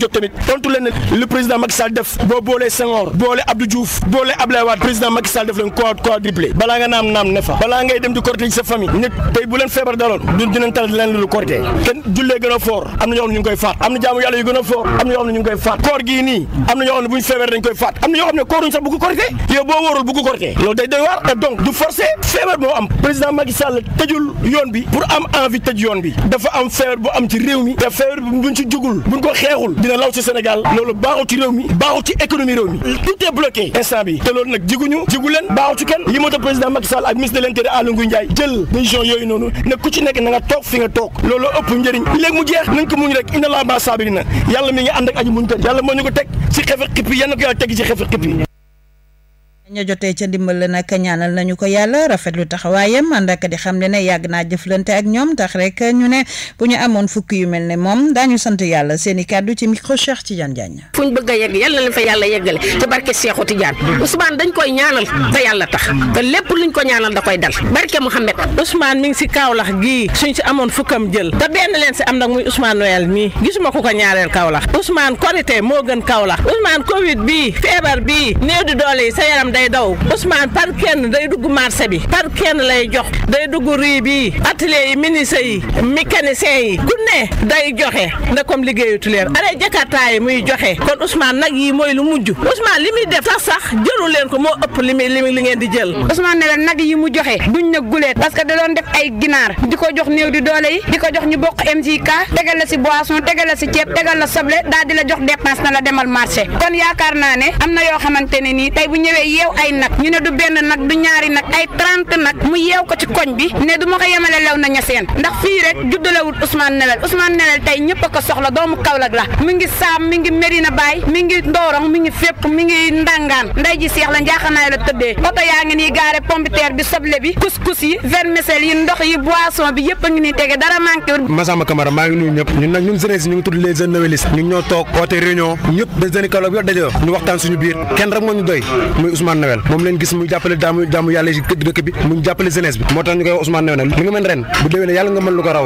boolee Senghor boole boole Abdoulaye Wade président Macky Sall def leen quadruplé nga naam naam ne fa balaa ngay dem di corté sa famille nit tey bu feebar daloon du dinañ tal leen lu corté kenn jullee gën a foor am na ñoo xam ne ñu koy faat am na jaamu yàlla yu gën a foor am na ñoo xam ne ñu ngi nii am na ñoo xam ne bu feebar dañ koy faat am na ñoo xam ne kooruñ sax bu ko corté boo wóorul bu ko loolu day doy waar donc du forcé feebar moo am président Macky tëjul yoon bi pour am envie tëj yoon bi dafa am feebar bu am ci réew mi te feebar diggante de Aly Ngouille Ndiaye jël décision yooyu noonu nekk ku ci nekk na nga toog fi nga toog loolu ëpp njëriñ léegi mu jeex nañ ko muñ rek inna laa ma saabirina yàlla mi ngi ànd ak aji muñ kat yàlla moo ñu ko teg si xefe xippi yal na ko yàlla teg si xefe xippi ña jotee ca ndimbal nag ñaanal nañu ko yàlla rafetlu taxawaayam ànd ak di xam ne ne yàgg naa jëflante ak ñoom tax rek ñu ne bu ñu amoon fukki yu mel ne moom daañu sant yàlla seen i kàddu ci micro Cheikh Tidiane Diagne. fu ñu bëgg a yegg yàlla na leen fa yàlla yeggale ci barke Cheikhou Tidiane Ousmane dañ koy ñaanal te yàlla tax te lépp luñ ko ñaanal da koy dal barke Mouhamed. Ousmane mi ngi si Kaolack gii suñ si amoon fukkam jël te benn leen si am nag muy Ousmane Noël mii gisuma ko ko ñaareel Kaolack Ousmane Korité moo gën Kaolack Ousmane Covid bii feebar bii néew di doole yi sa yaram day daw Ousmane par kenn day dugg marché bi par kenn lay jox day dugg rue bi atelier yi ministre yi mécanicien yi ku ne day joxe nda comme liggéeyatu leen ale jakarta yi muy joxe kon Ousmane nag yi mooy lu mujj Ousmane li muy def sax sax jëlu leen ko moo ëpp li muy li li ngeen di jël Ousmane ne leen nag yi mu joxe duñ na guleet parce que da doon def ay ginaar di ko jox néew di doole yi di ko jox ñu bokk MJK tegal la si boisson tegal la si ceeb tegal la soble daal di la jox dépense na la demal marché yeew ay nag ñu ne du benn nag du ñaari nag ay trente nag mu ko ci koñ bi ne du ma ko yemale lew na ñaseen ndax fii rek juddalewut Ousmane Noël Ousmane Noël tey ñëpp a ko soxla doomu Kaolack la mi ngi saam mi ngi Medina Baye mi ngi Ndorong mi ngi fépp mi ngi Ndangaan nday ji seex la njaaxanaay la tëddee oto yaa ngi nii gaare pompiteer bi soble bi couscous yi vermicelle yi ndox yi boisson bi yëpp a ngi nii tege dara manqué wul Massamba Camara maa ngi nuyu ñëpp ñun nag ñun ñu ngi tudd les jeunes novelistes ñu ñoo toog oote réunion ñëpp des jeunes Kaolack bi dajoo ñu waxtaan suñu biir kenn ñu Ousmane Noël moom leen gis muy jàppale daamu daamu yàlla yi këdd dëkk bi mu jàppale jeunesse bi moo tax ñu koy Ousmane Noël li nga mën ren bu déwénee yàlla nga mën lu ko raw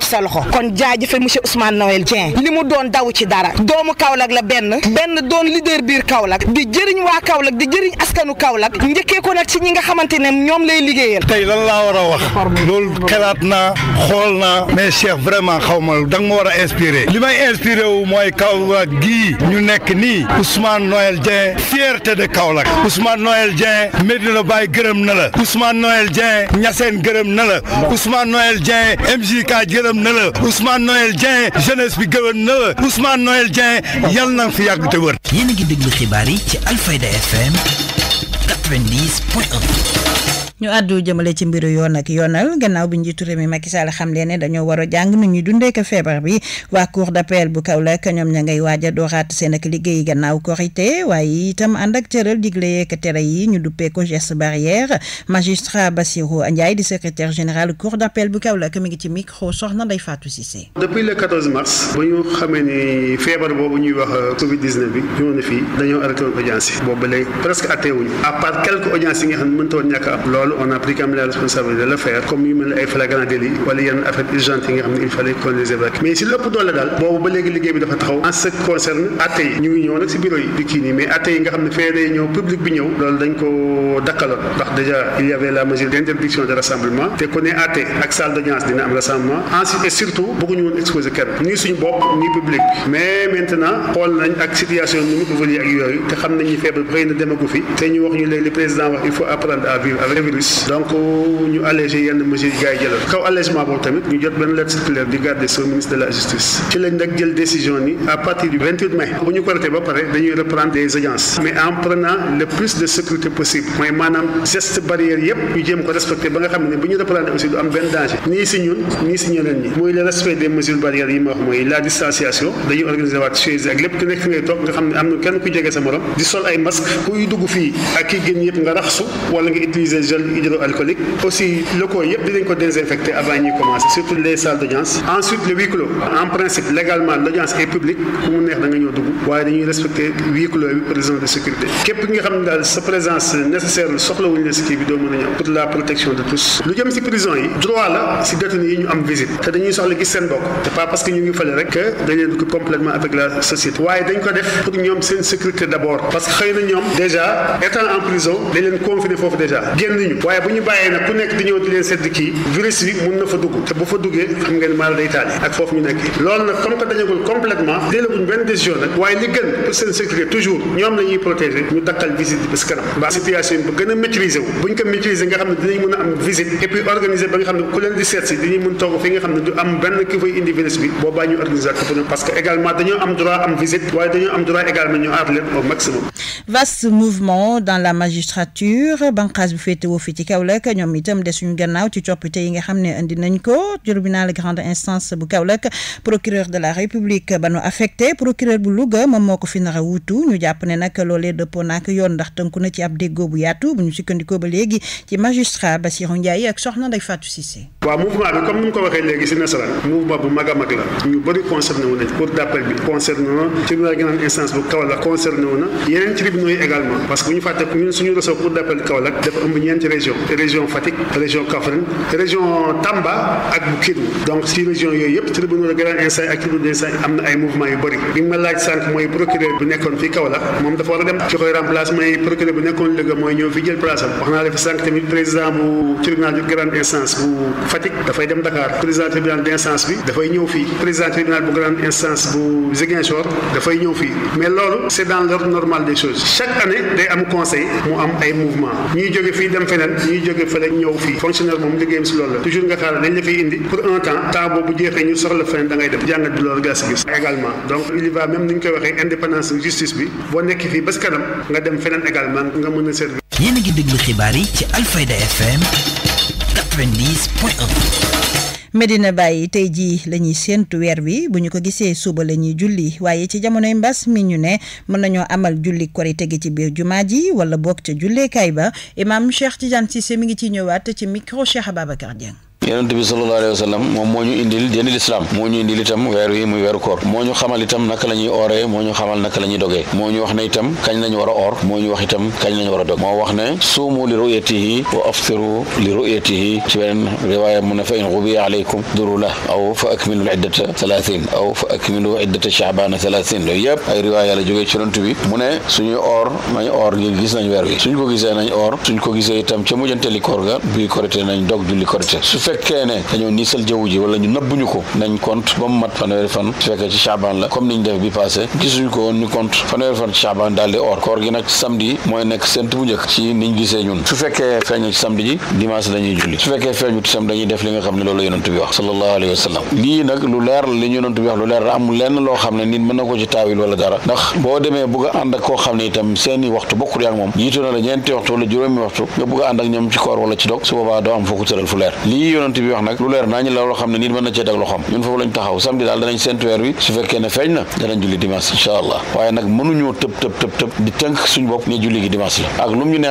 ci sa loxo kon jaajëfe monsieur Ousmane Noël Dieng li mu doon daw ci dara doomu Kaolack la benn benn doon leader biir Kaolack di jëriñ waa Kaolack di jëriñ askanu Kaolack njëkkee ko nag ci ñi nga xamante ñoom lay liggéeyal tey lan laa war a wax loolu xelaat naa xool naa mais Cheikh vraiment xaw ma da ma war a inspiré li may inspiré wu mooy Kaolack gii ñu nekk ni Ousmane Noël Dieng fierté de Kaolack Ousmane Noël Dieng Medina Baye gërëm na la Ousmane Noël Dieng Niassène gërëm na la Ousmane Noël Dieng MJK gërëm na la Ousmane Noël Dieng bi gërëm na la Ousmane Noël Dieng na fi yàgg te wër. yéen a ngi déglu xibaar yi ci Alfayda FM ñu àddu jëmale ci mbiru yoon ak yoonal gannaaw bi njiitu réew mi Macky Sall xam leen ne dañoo war a jàng nu ñuy ko feebar bi waa cour d'appel bu Kaolack ñoom ña ngay waaj a dooraat seen ak liggéey gannaaw korité waaye itam ànd ak tëral digle yeek tere yi ñu duppee bu Kaolack mi ngi ci micro soxna Ndeye Fatou Cissé. depuis le mars. ba ñu xamee ni feebar boobu ñuy wax euh, Covid bi ñëw na fii dañoo arrêté woon audience yi. boobu ba léegi presque atteewuñu à part quelques nga xam a on a pris quand même la faire comme yu mel ne ay flagrant délit wala yenn affaire urgente yi nga xam ne il fallait qu'on les évacue mais si lépp doole daal boobu ba léegi liggéey bi dafa taxaw en ce qui concerne atte yi ñu ñëw nag si bureau yi di kii nii mais atte yi nga xam ne fee day public bi ñëw loolu dañ ko dakkaloon ndax déjà il y la mesure d'interdiction de rassemblement te ku atte ak salle dina am rassemblement ensuite surtout virus donc ñu allégé yenn mesures yi yi jëlal kaw allégement boobu tamit ñu jot benn lettre circulaire du garde des ministre de la justice ci lañ nag jël décision ni à partir du 28 bu ñu korité ba pare dañuy reprendre des audiences mais en le plus de sécurité possible mooy maanaam geste barrière yëpp ñu jéem ko respecté ba nga xam ne bu ñu reprendre aussi du am benn danger nii si ñun nii si ñeneen ñi mooy respect des mesures barrières yi ma wax mooy la produits aussi locaux yëpp dinañ ko désinfecter avant ñuy commencer surtout les salles d'audience ensuite le huis en principe légalement l'audience est publique ku mu neex da ñëw dugg waaye dañuy respecter huis clos bi de sécurité képp ki xam ne daal sa présence nécessaire la soxlawuñu la si bi doo mën a ñëw pour la protection de tous lu jëm si prison yi droit la si détenus yi ñu am visite te dañuy soxla gis seen bopp c'est pas parce que bi waaye bu ñu bàyyee nag ku nekk di ñëw di leen sedd kii virus bi mun na fa dugg te bu fa duggee xam ngeen maal day taal ak foofu ñu nekk loolu nag comme que dañagul complètement déelaguñ benn décision nag waaye li gën pour seen sécurité toujours ñoom la ñuy protéger ñu dakkal visite bi si kanam mbaa situation bi gën a maîtriser wu buñ ko maîtriser nga xam ne dinañ mën a am visite et puis organiser ba nga xam ne ku leen di seet si dañuy mën toog fi nga xam ne du am benn ki fay indi virus bi boobaa ñu organiser ak pour parce que également dañoo am droit am visite waaye dañoo am droit également ñu aar leen au maximum vaste mouvement dans la magistrature banqaas bu féetewoo fii ci Kaolack ñoom itam desuñu gannaaw ci coppite yi nga xam ne indi nañ ko tribunal grande instance bu Kaolack procureur de la république ba nu affecté procureur bu Louga moom moo ko fi nar a ñu jàpp ne nag loolee dëppoo naak yoon ndax tënku na ci ab déggoo bu yaatu bu ñu sukkandikoo ba léegi ci magistrat Bassirou Ndiaye ak soxna Ndeye Fatou Cissé. waaw mouvement bi comme ni mu ko waxee léegi si nasaraan mouvement bu mag a région région Tamba ak bu Kédougou donc si région yooyu yëpp tribunal de instance ak tribunal d'instance am na ay mouvement yu bëri bi ma laaj sànq mooy procureur bu nekkoon fii Kaolack moom dafa war a dem ki koy mooy procureur bu nekkoon Louga mooy ñëw fi jël place am wax naa la fi sànq tamit président bu tribunal de instance bu Fatick dafay dem Dakar président tribunal d'instance bi dafay ñëw fii président tribunal bu grande instance bu leneen ñuy jóge fële ñëw fii fonctionnaire moom liggéeyam si loolu la toujours nga xaar dañ la fiy indi pour un temps temps boobu jeexee ñu soxla feneen da dem jàngat bi loolu gas gis également donc il va même ni koy waxee indépendance justice bi boo nekk fii bés kanam nga dem feneen également nga mën a servir. yéen a ngi déglu xibaar yi ci Alfayda FM 90 point 1. Medina bàyyi tey jii la ñuy séentu weer wi bu ñu ko gisee suba la ñuy julli waaye ci jamonoy mbas mi ñu ne mën nañoo amal julli korite gi ci biir jumaa ji wala bokk ca julleekaay ba imaam Cheikh ci Cissé mi ngi ciy ñëwaat te ci micro Cheikh Ababacar Dieng. yonent bi wa sallam moom moo ñu indil dini lislaam ñu indil moo ñu xamal itam naka moo ñu xamal a a dog moo wax ne suumu wa aftiru li ru'yatihi mu ne fa in la aw fa akmilu iddata thalathin aw fa la jógee ci yonent bi mu ne suñuy oor nañ oor ngir gis nañ weer wi suñ ko gisee nañ oor suñ ko gisee itam ca mujjante li koor ga bi korité nañ dog julli korité fekkee ne dañoo niisal jaww ji wala ñu nëbbuñu ko nañ compte ba mu mat fanweeri fan su fekkee ci chaban la comme niñ def bi passé gisuñu ko woon ñu compte fanweeri ci chaban daal or koor gi nag samedi mooy nekk sent bu njëkk ci niñ gisee ñun su fekkee feeñ ci samedi ji dimanche dañuy julli su fekkee feeñu ci samedi dañuy def li nga xam ne loolu yonent bi wax sallallahu alayhi lu leer la li amul lenn loo xam ne nit mën na ko ci taawil wala dara ndax boo demee bëgg a ànd ak koo xam ne itam seeni waxtu moom jiitu na la ñeenti waxtu wala juróomi waxtu nga bëgg a ànd yonent bi wax nag lu leer nañu la loo xam ne nit mën na cee daal danañ seentu weer wi su na danañ julli dimanche incha ne julli gi dimanche la ak lu mu ne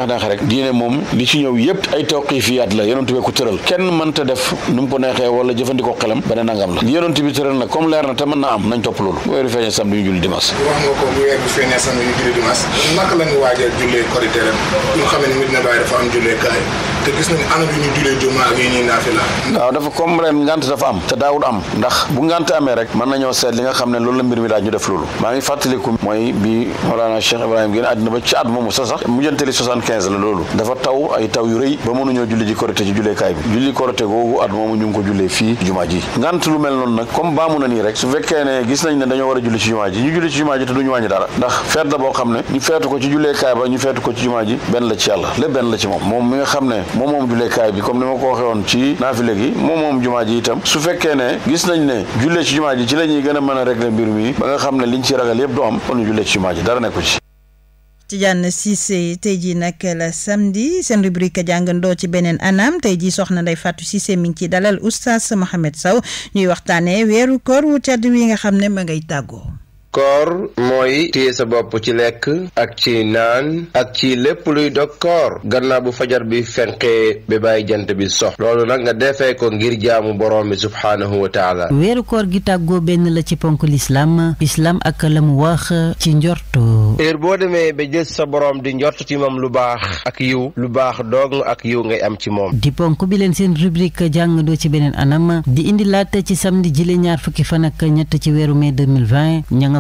nangam mën na am lañu waajal jullee korité ren xam ne Medina Baye dafa am jullee kaay te gis nañ anam yu ñu julee jumaa ak te daawul ndax bu ngant amee rek mën nañoo seet li nga ne loolu la mbir mi daaj ñu def loolu maa ngi fàttaliku mooy bi Mawlana Cheikh Ibrahima génn àddina ba ci at moomu ko jullee fii jumaa ji ngant lu mel noonu nag comme baamu na nii rek su fekkee ne gis nañ a wàññi dara ndax feet la boo xam ne ñu feetu ko ci julleekaay ba ñu feetu ko ci jumaa ji benn la ci yàlla lépp la ci moom moom mi nga xam ne moom moom julleekaay bi comme ni ma ko waxee woon ci naafile gi moom moom jumaa ji itam su fekkee ne gis nañ ne jullee ci jumaa ji ci la ñuy gën a mën a régler mbir mi ba nga xam ne liñ ci ragal yëpp du am kon jullee ci jumaa ji dara nekku ci Tidiane Cissé tey jii nag la samedi seen rubrique jàngandoo ci beneen anam tey jii soxna Ndeye Fatou Cissé mi ngi ciy dalal oustaz Mohamed saw ñuy waxtaanee weeru koor wu tedd wi nga xam ne ma ngay tàggoo. koor mooy téye sa bopp ci lekk ak ci naan ak ci lépp luy dog koor gannaaw bu fajar bi fenqee ba bàyyi jant bi sox loolu nag nga defee ko ngir jaamu borom bi subhaanahu wa taala weeru koor gi tàggoo benn la ci ponk lislaam lislaam ak la mu wax ci njort heure boo demee ba jël sa borom di njort ci moom lu baax ak yiw lu baax doog ak yiw ngay am ci moom di ponk bi leen seen jàng doo ci beneen anam di indi laata ci samedi jile ñaar fukki fan ak ñett ci weeru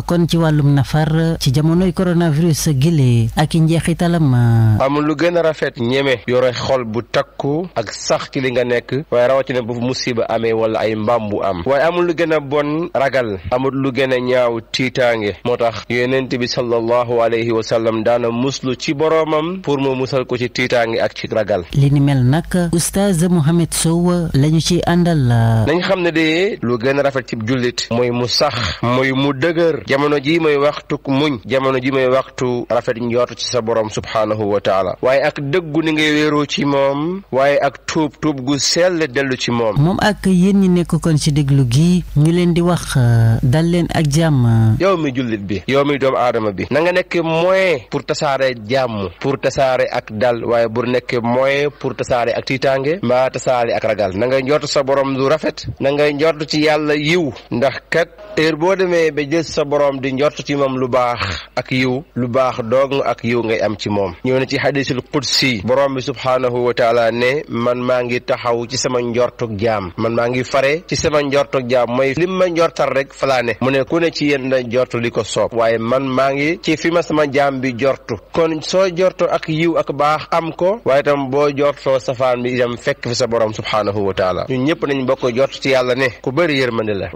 kon ci wàllum nafar ci jamonoy coronavirus gile ak i njeexitalam. Ah. amul lu gën a rafet ñeme yore xol bu takku ak sax ci li nga nekk waaye rawatina bu musiba amee wala ay mbaam bu am waaye amul lu gën a bon ragal amul lu gën a ñaaw tiitaange moo tax yonent bi sallallahu alayhi wa sallam daana muslu ci boroomam pour mu musal ko ci tiitaange ak ci ragal. li ni mel nag oustaz Mohamed Sow lañu ci àndal. Ah. nañ xam ne de lu gën a rafet ci jullit mooy mu sax mooy mu dëgër. jamono ji mooy waxtuk muñ jamono ji mooy waxtu rafet njort ci sa borom subhaanahu wa taala waaye ak dëggu ni ngay wéeroo ci moom waaye ak tuub tuub gu sell dellu ci moom. moom ak yéen ñi nekk kon ci déglu gi ñu leen di wax euh, dal leen ak jàmm. yow mi jullit bi yow mi doom aadama bi na nga nekk moyen pour tasaare jàmm pour tasaare ak dal waaye bur nekk moyen pour tasaare ak tiitaange mbaa tasaare ak ragal na nga njort sa borom lu rafet na nga njort ci yàlla yiw ndax kat heure boo demee ba jël sa borom boroom di njort ci moom lu baax ak yiw lu baax doog ak yiw ngay am ci moom ñëw na ci xadisul qudsi boroom bi subhaanahu wa taala ne man maa ngi taxaw ci sama njortuk jaam man maa ngi fare ci sama njortuk jaam mooy lim ma njortal rek falaa ne mu ne ku ne ci yéen na jortu li ko soob waaye man maa ngi ci fi ma sama jaam bi jortu kon soo jortoo ak yiw ak baax am ko waaye tam boo jortoo safaan bi itam fekk fi sa boroom subhaanahu wa taala ñun ñëpp nañ bokk jort ci yàlla ne ku bëri yërmande la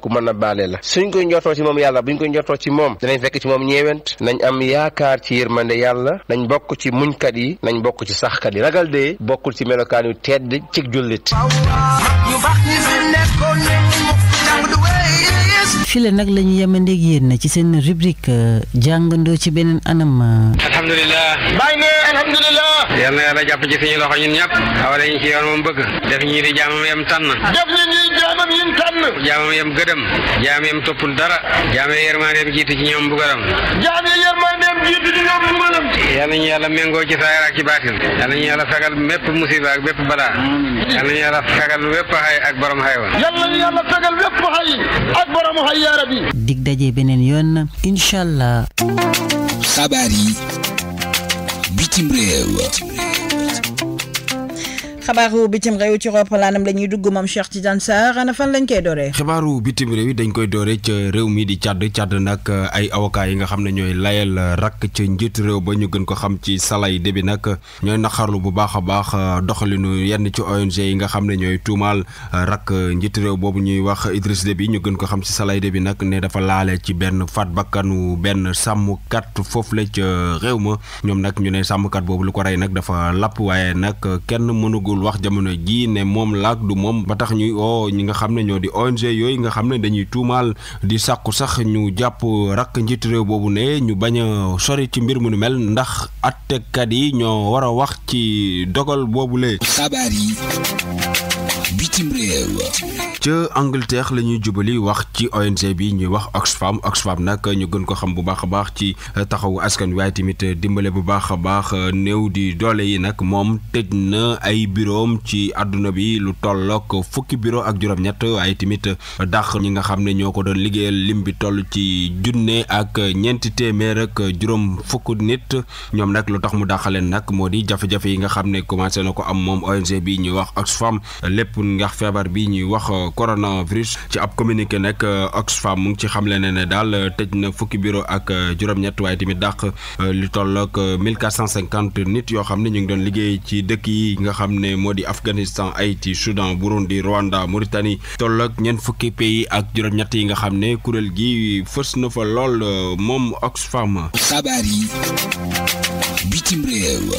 ku mën a baale la suñ koy njortoo ci moom yàlla buñ koy njortoo ci moom danañ fekk ci moom ñeewent nañ am yaakaar ci yërmande yàlla nañ bokk ci muñkat yi nañ bokk ci saxkat yi ragal dee bokkul ci melokaan yu tedd cig jullit file nag la ñu yemandeeg yéen ci seen rubrique euh, jàngandoo ci beneen anam. Euh. alhamdulilah. baa ngi ne alhamdulilah. yal na yàlla jàpp ci suñu loxo ñun ñëpp. xaw nañu ci yoon moom bëgg. def ñii di jaamam yem tànn. def na ñuy jaamam yem tànn. jaamam yem gëdëm. jaam yem toppul dara. jaam yem yërmandeem jiitu ci ñoom bugaram. jaam yem yërmandeem jiitu ci ñoom bugaram. yal nañu yàlla méngoo ci saayir ak ci baatin. yal nañu yàlla fegal mépp musiba ak bépp balaa. yal nañu yàlla ak borom xay yàlla fegal wépp xay ak borom waay yaa daje beneen yoon incha allah. xabaar yi bitim réew. xabaaru bitim réew ci roppalaanam la dugg moom Cheikh Tidiane Sarr ana fan lañ koy dooree. xabaaru bitim réew yi dañ koy dooree ca réew mi di càdd càdd nag ay avocats yi nga xam ne ñooy layal rakk ca njiitu réew ba ñu gën ko xam ci salay débi nag ñooy naqarlu bu baax a baax euh, doxalinu yenn ci ONG yi nga xam ne ñooy tuumaal euh, rakk njiitu réew boobu ñuy wax Idriss bi ñu gën ko xam ci salay bi nag ne dafa laale ci benn faat bakkanu benn sàmmkat foofu la ca réew ma ñoom nag ñu ne sàmmkat boobu lu ko rey nag dafa lapp waaye nag kenn mënugul wax jamono jii ne moom laak du moom ba tax ñuy oo ñi nga xam ne ñoo di ONG yooyu nga xam ne dañuy tuumaal di sàkku sax ñu jàpp rakk njiit réew boobu ne ñu bañ a sori ci mbir mu nu mel ndax attekat yi ñoo war a wax ci dogal boobule. xabaar yi bitim réew. ca Angleterre la ñuy jubali wax ci ONG bi ñuy wax Oxfam Oxfam nag ñu gën ko xam bu baax a baax ci taxawu askan waaye tamit dimbale bu baax a baax new di doole yi nag moom tëj na ay bureau ci àdduna bi lu tollook fukki bureau ak juróom-ñett waaye tamit dàq ñi nga xam ne ñoo ko doon liggéeyal lim bi toll ci junne ak ñeenti téeméer ak juróom fukk nit ñoom nag lu tax mu dàqaleen nag moo di jafe-jafe yi nga xam ne commencé na ko am moom ONG bi ñuy wax Oxfam lépp nga bi ñuy wax. coronavirus ci ab communiqué nag euh, Oxfam mu ngi ci xamle ne ne daal euh, tëj na fukki bureau ak euh, juróom-ñett waaye tamit dàq li tollook mille quatre cent cinquante nit yoo xam ne ñu ngi doon liggéey ci dëkk yi nga xam ne moo di Afghanistan Haïti Soudan Burundi Rwanda Mauritanie tollook ñeent fukki pays ak juróom yi nga xam ne kuréel gi fës na fa lool moom Oxfam. xabaar yi bitim réew.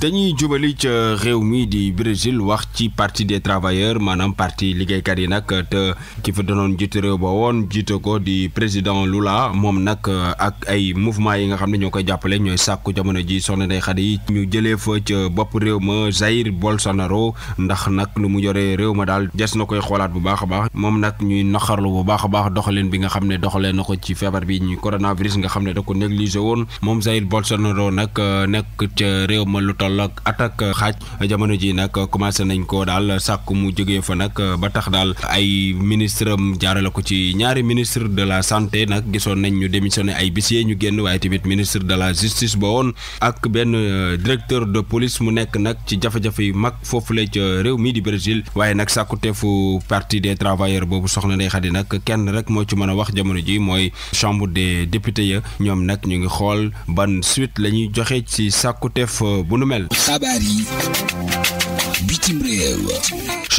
dañuy jubali ca réew mi di Brésil wax ci parti des travailleurs maanaam parti liggéeykat militaires yi nag te ki fa doonoon jiitu réew ba woon jiite ko di président Lula moom nag ak ay mouvement yi nga xam ne ñoo koy jàppale ñooy sàkk jamono ji soxna Ndeye Khady yi ñu jëlee fa ca bopp réew ma Jair Bolsonaro ndax nag lu mu yoree réew ma daal des na koy xoolaat bu baax a baax moom nag ñuy naxarlu bu baax a baax doxalin bi nga xam ne doxalee na ko ci feebar bi ñu coronavirus nga xam ne da ko négligé woon moom Jair Bolsonaro nag nekk ca réew ma lu toll ak attaque xaaj jamono ji nag commencé nañ ko daal sàkku mu jógee fa nag Sénégal ay ministre am jaarale ko ci ñaari ministre de la santé nag gisoon nañ ñu démissionné ay bisier ñu génn waaye tamit ministre de la justice ba woon ak benn euh, directeur de police mu nekk nag ci jafe-jafe yu mag foofule ca réew mii di Brésil waaye nag sàkkuteefu parti des travailleurs boobu soxna Ndeye Khady nag kenn rek moo ci mën a wax jamono ji mooy chambre de députés ya ñoom nag ñu ngi xool ban suite la ñuy joxe ci sàkkuteef euh, bu nu mel.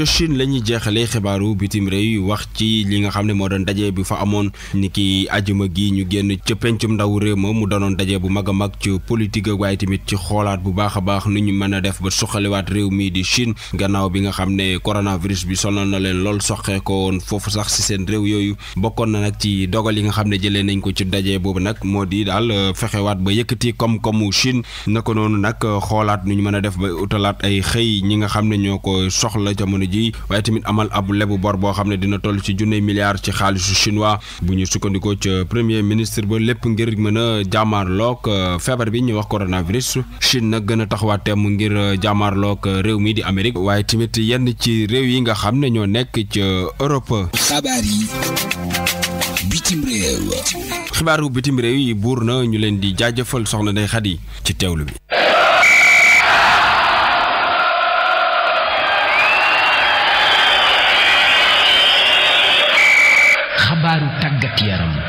Chine la ñuy jeexalee xibaaru bitim réew wax ci li nga xam ne moo doon daje bi fa amoon ni ki ajuma gi ñu génn ca pencum ndaw réew ma mu doonoon daje bu mag a mag ci politique waaye tamit ci xoolaat bu baax a baax nu ñu mën a def ba suqaliwaat réew mii di Chine gannaaw bi nga xam ne coronavirus bi sonal na leen lool soxee ko woon foofu sax si seen réew yooyu bokkoon na nag ci dogal yi nga xam ne jëlee nañ ko ci daje boobu nag moo di daal euh, fexewaat ba yëkkati koom-koomu Chine naka noonu nag xoolaat nu ñu mën a def ba utalaat ay xëy ñi nga xam ne ñoo ko soxla jamono jamono waaye tamit amal ab lebu bor boo xam ne dina toll ci junne milliards ci xaalisu chinois bu ñu sukkandikoo ca premier ministre ba lépp ngir mën a jàmmaarloog euh, feebar bi ñu wax coronavirus Chine na gën a taxawaateem ngir euh, jàmmaarloog euh, réew mii di Amérique waaye tamit yenn ci réew yi nga xam ne ñoo nekk ca Europe. xabaar yi bitim réew. yi buur na ñu leen di jaajëfal soxna Ndeye Khady ci teewlu bi. yaram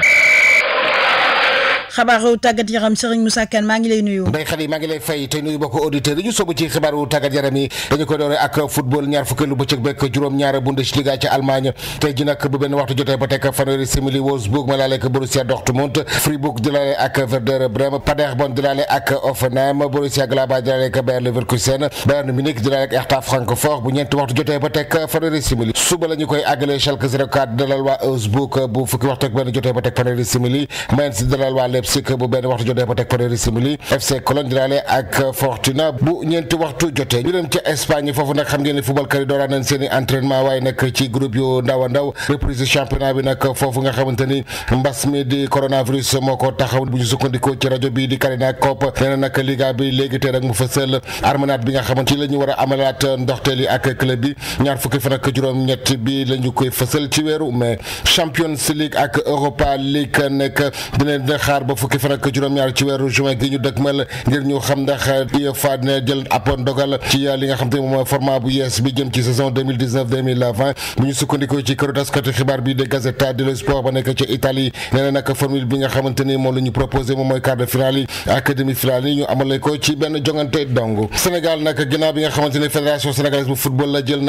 xabaaru tàggat yaram Serigne Moussa Kane maa ngi lay nuyu. Ndeye Khady maa ngi lay fay te nuyu mbokku auditeurs yi ñu sóobu ci xibaaru tàggat yaram yi dañu ko doore ak football ñaar fukkeelu bëccëg bekk juróom-ñaar Bundesliga ca Allemagne tey ji bu benn waxtu jotee ba teg fanweeri simili Wolfsburg ma laale ak Borussia Dortmund Fribourg di di laale ak Hoffenheim Borussia Bayer Leverkusen Bayern di laale ak Eintracht Francfort bu bu fukki waxtu jotee ba teg fanweeri simili Leipzig bu benn waxtu jotee ba teg fanweeri simili FC Cologne dinaale ak Fortuna bu ñeenti waxtu jotee ñu dem ca Espagne foofu nag xam ngeen ne footballkat yi dooraan nañ i waaye nag ci groupe yu ndaw a ndaw reprise championnat bi nag foofu nga xamante mbas mi di coronavirus moo ko taxaw bu sukkandikoo ci rajo bi di Carina Cop nee na liga bi léegi tey nag mu fësal armanat bi nga xamante ni la ñu a ndoxteel yi ak club bi ñaar ko fukki fan ak juróom-ñaar ci weeru juin gi ñu dëkkmal ngir ñu xam ndax UEFA dina jël ab ndogal ci li nga xam te ne format bu yees bi jëm ci saison bu ñu sukkandikoo ci këru taskati xibaar bi de Gazzetta dello Sport ba nekk ci Italie nee na formule bi nga xamante moom la ñu proposé moom mooy quart finale yi ak finale yi ñu amale ko ci benn jongante dong Sénégal nag ginnaaw bi nga xamante fédération sénégalaise bu football la jël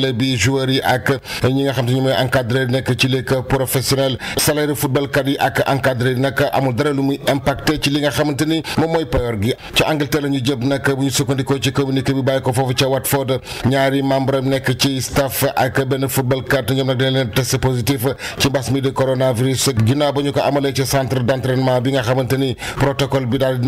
club yi joueurs yi ak ñi nga xam ñu mooy encadré nekk ci ligue professionnel salaire footballkat yi ak encadré yi amul dara lu muy impacté ci li nga xamante ni moom payoor gi ci Angleterre la ñu jëm bu ñu sukkandikoo ci communiqué bi bàyyi ko foofu ca Watford ñaari membre nekk ci staff ak benn footballkat ñoom nag dañ leen test positif ci mbas coronavirus ginnaaw ba ñu ko amalee ci centre d'entraînement bi nga xamante ni bi daal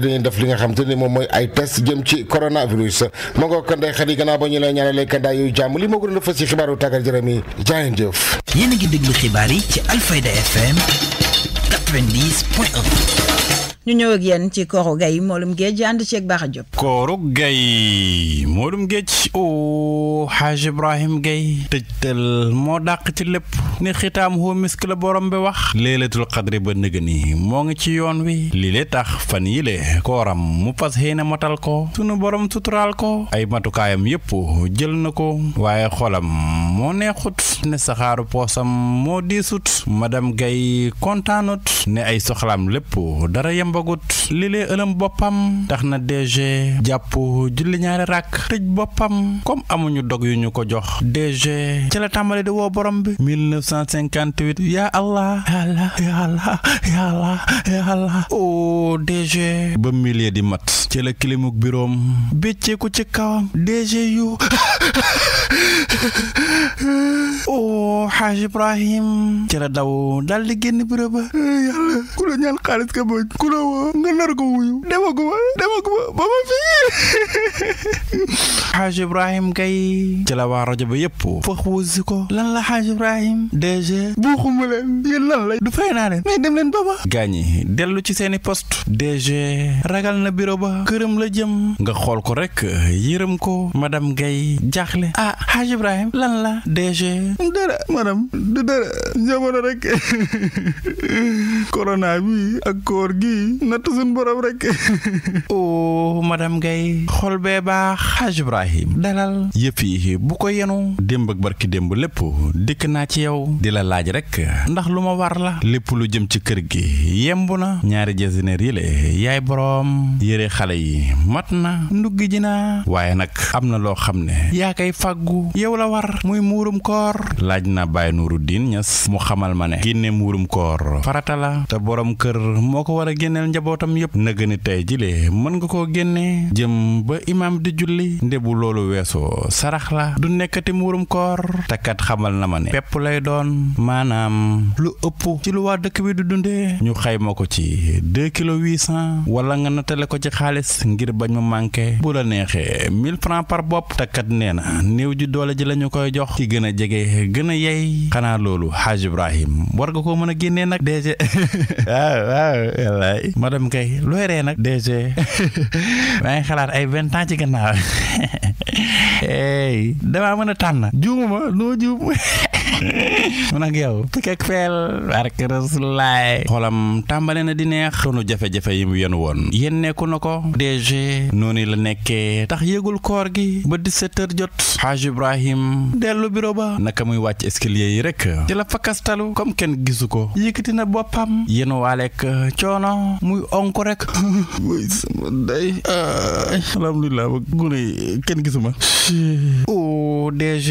dina li nga xam te moom mooy ay test jëm ci coronavirus ma ngoo ko ndey xarit gannaaw ba ñu lay ñaanalee kandaay yooyu jàmm li ma gën a fës ci xibaaru tàggat jërëm yi jaayen jëf. yéen a ngi déglu xibaar yi ci Alfayda FM 90 point 1. ñu ñëw ak yéen ci kooru gay moolum géej ànd ceeg baax a jóg. kooru gay moolum géej o xaaj Ibrahim Gay tëjtal moo dàq ci lépp ne xitaam hoo misk la borom bi wax leelatul xadri ba nëgë ni moo ngi ci yoon wi li le tax fan yii le kooram mu fas xëyna matal ko sunu borom suturaal ko ay matukaayam yépp jël na ko waaye xolam moo neexut ne saxaaru poosam moo diisut madame Gay kontaanut ne ay soxlaam lépp dara yem mbagut li lee ëlëm boppam tax na DG jàpp julli ñaari ràkk tëj boppam comme amuñu dog yu ñu ko jox DG ci la tàmbali di woo borom bi 1958 yaa allah yaa allah yaa allah yaa allah yaa oh, ba millier di mat ci la kilimuk biroom bécceeku ci kawam DG yu [LAUGHS] [LAUGHS] o oh, xaaj Ibrahim ci la daw daal génn bureau ba eh, yàlla ku la ñaan xaalis ka bañ ku la woo nga nar ko wuyu demaguma demaguma ba fii xaaj [LAUGHS] Ibrahim kay ci la waa rajo ba yëpp foox ko lan la xaaj Ibrahim DG buuxuma leen yéen lan la du fay naa leen mais dem leen ba ba dellu ci seeni poste DG ragal na bureau ba këram la jëm nga xool ko rek yërëm ko madame Gaye jaaxle ah, Haji Ibrahim lan la DG. dara maanaam du dara jamono rek corona bi ak koor gi natt suñu borom rek. oh madame Gaye xol bee baax Haji Ibrahim dalal yëpp yi bu ko yenu démb ak barki démb lépp dikk naa ci yow di la laaj rek ndax lu ma war la lépp lu jëm ci kër gi yemb na ñaari jasineer yi le yaay boroom yére xale yi mat na ndugg ji naa waaye nag am na loo xam ne yaa koy fàggu dugg la war muy muurum koor laaj na bàyyi nuuru diin Ñas mu xamal ma ne génne muurum koor farata la te borom kër moo ko war a génneel njabootam yépp nëgëni tey jile mën nga koo génne jëm ba imaam di julli ndebu loolu weesoo sarax la du nekkati muurum koor te xamal na ma ne pepp lay doon maanaam lu ëpp ci lu waa dëkk bi du dunde ñu xayma ko ci deux kilo huit cent wala nga nattale ko ci xaalis ngir bañ mu manqué bu la neexee mille francs par bopp te nee na néew ju doole ji la ñu koy jox ci gën a jege gën a yey xanaa loolu Haaj Ibrahim war ga ko mën a génnee nag DG [LAUGHS] waaw waaw wallaay madame kay looy ree nag DG [LAUGHS] maa xalaat ay vingt ans ci gannaaw [LAUGHS] damaa mën a tànn juumuma loo juum [LAUGHS] mun ak yow pikk ak feel barke rasulaay xolam tàmbale na di neex tonu jafe-jafe yi mu yenu woon yéen nekku na ko DG noonu la nekkee tax yëgul koor gi ba 17 heures jot Haaj Ibrahim dellu bureau ba naka muy wàcc escalier yi rek ci la fakastalu comme kenn gisu ko yëkkati na boppam yéen waaleek euh, coono muy onk rek [LAUGHS] way sama day alhamdulilah ba gune kenn gisuma yow DG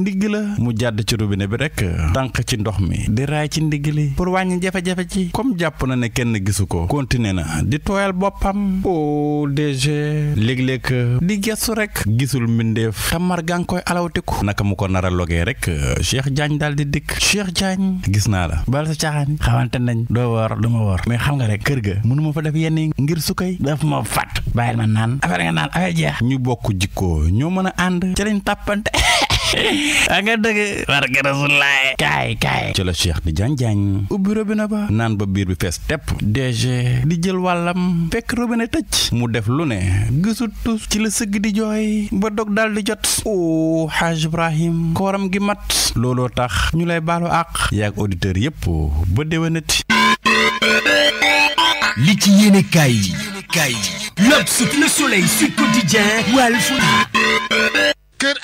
ndigg la mu jàdd ci robinet bi rek tànq ci ndox mi di raay ci ndigg li pour wàññi jafe-jafe ci comme jàpp na ne kenn gisu ko continué na di tooyal boppam o DG léeg-léeg di gestu rek gisul mbindeef xamar gaa ngi koy alawtiku naka mu ko nar a logee rek Cheikh Diagne daal di dikk Cheikh Diagne gis naa la bal sa caaxaan xamante doo war du ma war mais xam nga rek kër ga mënu fa def yenn ngir sukkay daf ma fàtt bàyyil ma naan affaire nga naan affaire jàppante [LAUGHS] nga dëgg barke rasulaay kaay kaay ci la cheikh di jaañ-jaañ ubbi robinet ba naan ba biir bi fees tepp DG di jël wàllam fekk robinet tëj mu def lu ne gisul tus ci la sëgg di jooy ba dog daal jot o oh, Haaj Ibrahim kooram gi mat looloo tax ñu lay baalu àq yaag auditeur yépp ba déwénati li ci yéene kaay yi kaay yi L'Obs, Le Soleil, Sud Quotidien, Walf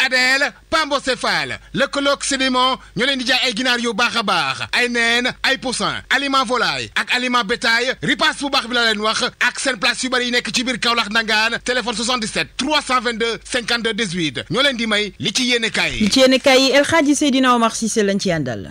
ADL Pambocéphale lëkkaloog sédiment ñoo leen di jaay ay ginaar yu baax a baax ay neen ay poussin aliment volaille ak aliment bétail ripaas bu baax bi la leen wax ak seen place yu bëri yi nekk ci biir Kaolack Ndangaan téléphone 77 322 52 18 ñoo leen di may li ci yéene kaay yi. li ci yéene kaay yi El Hadji Seydina Omar Cissé lañ ci àndal.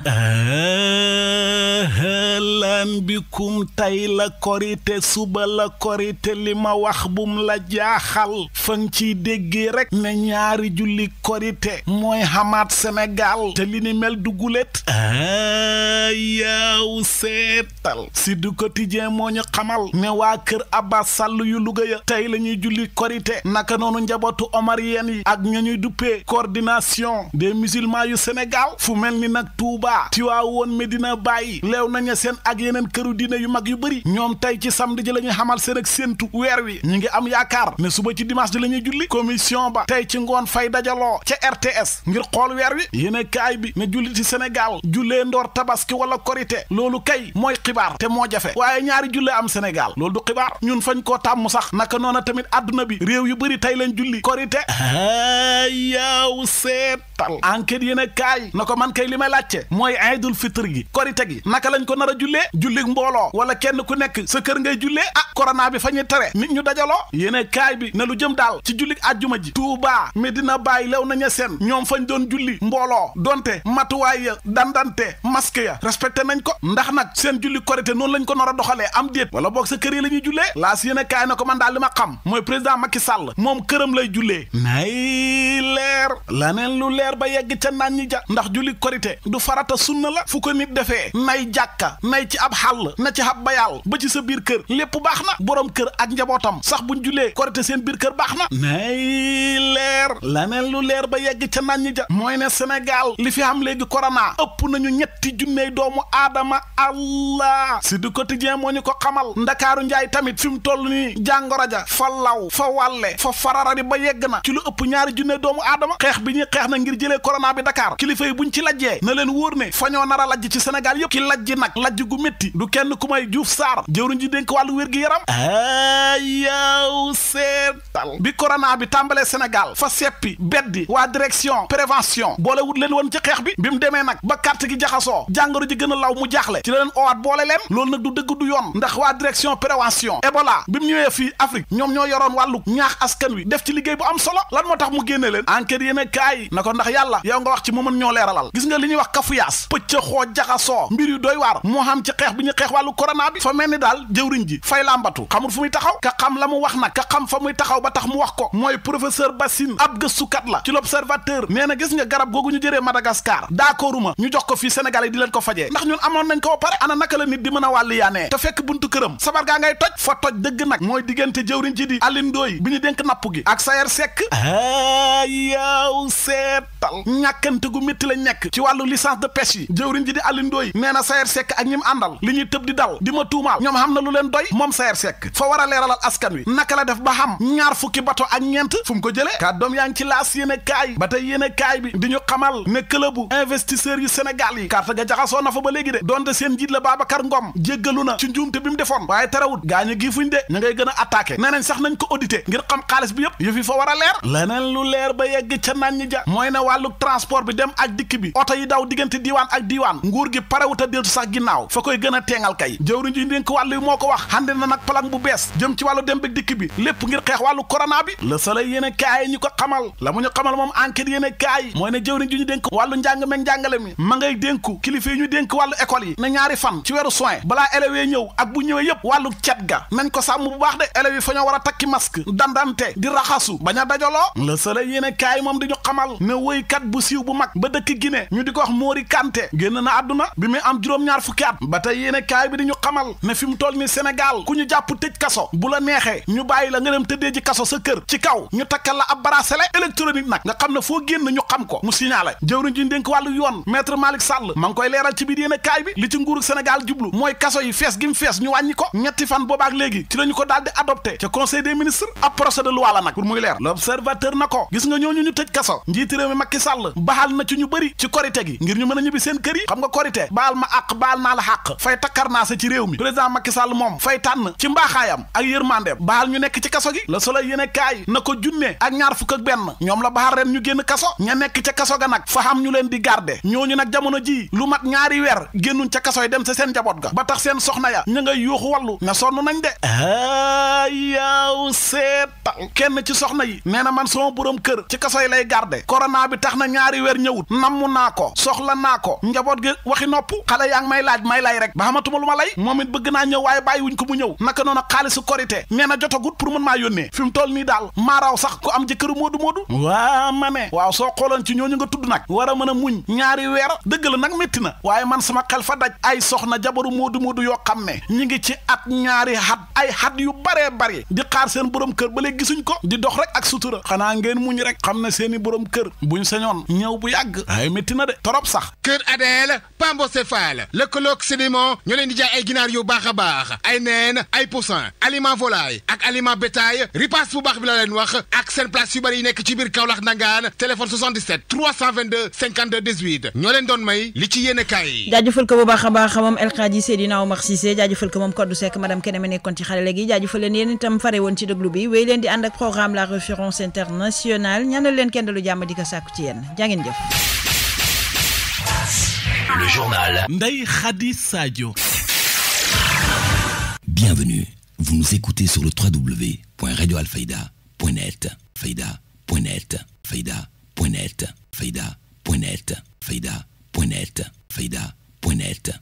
lan bikum tay la korite suba la korite li ma wax bum la jaaxal fan ciy déggee rek na ñaari julli korite mooy xamaat Sénégal te li ni mel du guléet a yaaw seetal si du quotidien moo ñu xamal ne waa kër Abba Sall yu Louga ya tey la ñuy julli korite naka noonu njabootu Omar yeen yi ak ña ñuy duppee coordination des musulmans yu Sénégal fu mel ni nag Touba woon Medina Baye leew nañu seen ak yeneen këru diine yu mag yu bëri ñoom tey ci samedi ji la ñuy xamal seen ak séentu weer wi ñu ngi am yaakaar ne suba ci dimanche ji la ñuy julli commission ba woo ca RTS ngir xool weer wi yéen kaay bi ne julli ci Sénégal jullee ndoor tabaski wala korite loolu kay mooy xibaar te moo jafe waaye ñaari jullee am Sénégal loolu du xibaar ñun fañ koo tàmmu sax naka noona tamit àdduna bi réew yu bëri tey lañ julli korite [LAUGHS] yaw seet tal enquête yéen a kaay na ko man kay li may laajte mooy aydul fitr gi korite gi naka lañ ko nar a jullee jullig mbooloo wala kenn ku nekk sa kër ngay jullee ah corona bi fa ñuy tere nit ñu dajaloo yéen a kaay bi na lu jëm daal ci jullig àjjuma ji Tuubaa Medina Baay lew naña seen ñoom fañ doon julli mbooloo donte matuwaay ya dandante masque ya respecté nañ ko ndax nag seen julli korite noonu lañ ko nar a doxalee am déet wala boog sa kër yi la ñuy jullee laas yéen a kaay ko man daal li ma xam mooy président Macky Sall moom këram lay jullee nay leer ba yegg ca naan ñi ja ndax julli korite du farata sunna la fu ko nit defee nay jàkka nay ci ab xàll na ci ab bayal ba ci sa biir kër lépp baax na borom kër ak njabootam sax buñ julee korite seen biir kër baax na nay leer laneen lu leer ba yegg ca naan ja mooy ne Sénégal li fi am léegi korona ëpp nañu ñetti junney doomu aadama allah si du quotidien moo ñu ko xamal ndakaaru njaay tamit fi mu toll nii jàngoro ja fa law fa wàlle fa fararari ba yegg ngir jëlee corona bi Dakar kilifa yi buñ ci lajjee na leen wóor ne fa ñoo nara a lajj ci Sénégal yëpp ki lajji nag lajj gu métti du kenn ku may Diouf Sarr jëwriñ ji dénk wàllu wér gi yaram a ah, seetal bi corona bi tàmbalee Sénégal fa seppi beddi waa direction prévention boole wut leen woon ci xeex bi bi mu demee nag ba carte gi jaxasoo jàngoro ji gën a law mu jaaxle ci la leen owaat boole leen loolu nag du dëgg du yoon ndax waa direction prévention Ebola bi mu ñëwee fii Afrique ñoom ñoo yoroon wàllu ñaax askan wi def ci liggéey bu am solo lan tax mu génne leen enquête ndax yàlla yow nga wax ci mu mën ñoo leeralal gis nga li ñuy wax kafuyaas pëcc xoo jaxasoo mbir yu doy waar moo xam ci xeex bi ñu xeex wàllu corona bi fa mel ni daal jëwriñ ji fay làmbatu xamul fu muy taxaw ka xam la mu wax nag ka xam fa muy taxaw ba tax mu wax ko mooy professeur Bassine ab gëstukat la ci l'observateur nee na gis nga garab googu ñu jëree Madagascar d'accorduma ñu jox ko fii Sénégal yi di leen ko fajee ndax ñun amoon nañ ko ba pare ana naka la nit di mën a wàll yaanee te fekk buntu këram sabar gaa ngay toj fa toj nag mooy diggante jëwriñ ji di Alioune Ndoye bi ñu dénk napp gi ak Sayer Seck yaw seet tal ñàkkante gu métti lañ nekk ci wàllu licence de pêche yi jëwriñ ji di Alioune Ndoye nee na Saer a ak ñi li ñuy tëb di dal di ma tuumaal ñoom xam na lu leen doy moom Saer Seck fa war a leeralal askan wi naka la def ba xam ñaar fukki bato ak ñeent fu mu ko jëlee kàddoom yaa ngi ci laas yéene kaay ba tey yéene kaay bi di ñu xamal ne këlëbu investisseurs yu Sénégal yi carte ga jaxasoo na ba léegi de donte seen njiit la Babacar Ngom jéggalu na ci njuumte bi mu defoon waaye tarawut gaañu gi fuñ de ñu ngay a attaqué nee nañ sax nañ ko audité ngir xam xaalis yëpp yëf leer yegg ca mooy na waa wàllu transport bi dem ak dikk bi oto yi daw diggante diiwaan ak diiwaan nguur gi parewut a sax ginnaaw fa koy gën a kay jëwriñ ji dénk wàllu yi moo ko wax hande na nag bu bees jëm ci wàllu dem bi dikk bi lépp ngir xeex wàllu corona bi le soleil yéen ñu ko xamal la mu xamal moom enquête yéen kaay mooy ne jëwriñ ji ñu dénk wàllu njàng meeg njàngale mi ma ngay dénku kilifa yi ñu dénk wàllu école yi na ñaari fan ci weeru soin balaa élèves ñëw ak bu ñëwee yëpp wàllu cet ga nañ ko sàmm bu baax de élèves yi a a woykat bu siiw bu mag ba dëkk Guinée ñu di ko wax Mori Kanté génn na adduna bi muy am juróom-ñaar fukki at ba tey yéene kaay bi di ñu xamal ne fi mu toll ni Sénégal ku ñu jàpp tëj kaso bu la neexee ñu bàyyi la nga dem tëddee kaso sa kër ci kaw ñu takkal la ab bracelet électronique nag nga xam ne foo génn ñu xam ko mu signalé jëwriñ ji ñu dénk wàllu yoon maître Malick Sall ma ngi koy leeral ci biir yéene kaay bi li ci nguuru Sénégal jublu mooy kaso yi fees gi mu wàññi ko ñetti fan boobaak léegi ci lañu ko daal di ca conseil des ministres ab projet de loi la nag pour na ko gis nga ñooñu ñu tëj kaso Macky Sall baal na ci ñu bëri ci korite gi ngir ñu mën a ñibbi seen kër yi xam nga korite baal ma àq baal naa la àq fay takkar naa sa ci réew mi président Macky Sall moom fay tànn ci mbaaxaayam ak yërmandeem baal ñu nekk ci kaso gi Le Soleil yéene kaay na ko junne ak ñaar fukk ak benn ñoom la baal ren ñu génn kaso ña nekk kaso ga nag fa xam ñu leen di garde ñooñu nag jamono ji lu mat ñaari weer génnuñ ca kaso yi dem sa seen njaboot ga ba tax seen soxna ya ñu ngay yuuxu wallu na sonn nañ de yaw seetal kenn ci soxna yi nee na man sama borom kër ci kaso yi lay garde corona bi bi tax na ñaari weer ñëwut namm naa ko soxla naa ko njaboot gi waxi nopp xale yaa ngi may laaj may lay rek ba xamatuma lu ma lay moom it bëgg naa ñëw waaye bàyyi wuñ ko mu ñëw naka noonu xaalisu korité nee na jotagut pour mën maa yónnee fi mu toll nii daal maaraaw sax ku am jëkkëru moodu du waa ma ne waaw soo xooloon ci ñooñu nga tudd nag war a mën a muñ ñaari weer dëgg la nag métti na waaye man sama xel fa daj ay soxna jabaru moodu du yoo xam ne ñi ngi ci at ñaari xat ay xat yu baree bari di xaar seen borom kër ba léegi gisuñ ko di dox rek ak sutura xanaa ngeen muñ rek xam ne seeni borom kër buñ sañoon ñëw bu yàgg ay métti na de torop sax kër Adel Pambose Fall lëkkaloog sédiment ñoo leen di jaay ay ginaar yu baax a baax ay neen ay poussin aliment volaille ak aliment bétail ripaas bu baax bi la leen wax ak seen place yu bëri yi nekk ci biir Kaolack nangaan téléphone ñoo leen doon may li ci yéene kaay jaajëfal ko bu baax a baax moom El Hadji Seydina Omar Cissé jaajëfal ko moom Kodou Seck madame Keneme nekkoon ci xarale gi jaajëfal leen kenn dalu jàmm di ci yéen jaa ngeen jëf. Le journal. Ndeye Khady Sadio. Bienvenue, vous nous écoutez sur le www.radioalfayda.net, fayda.net, fayda.net, fayda.net, fayda.net, fayda.net.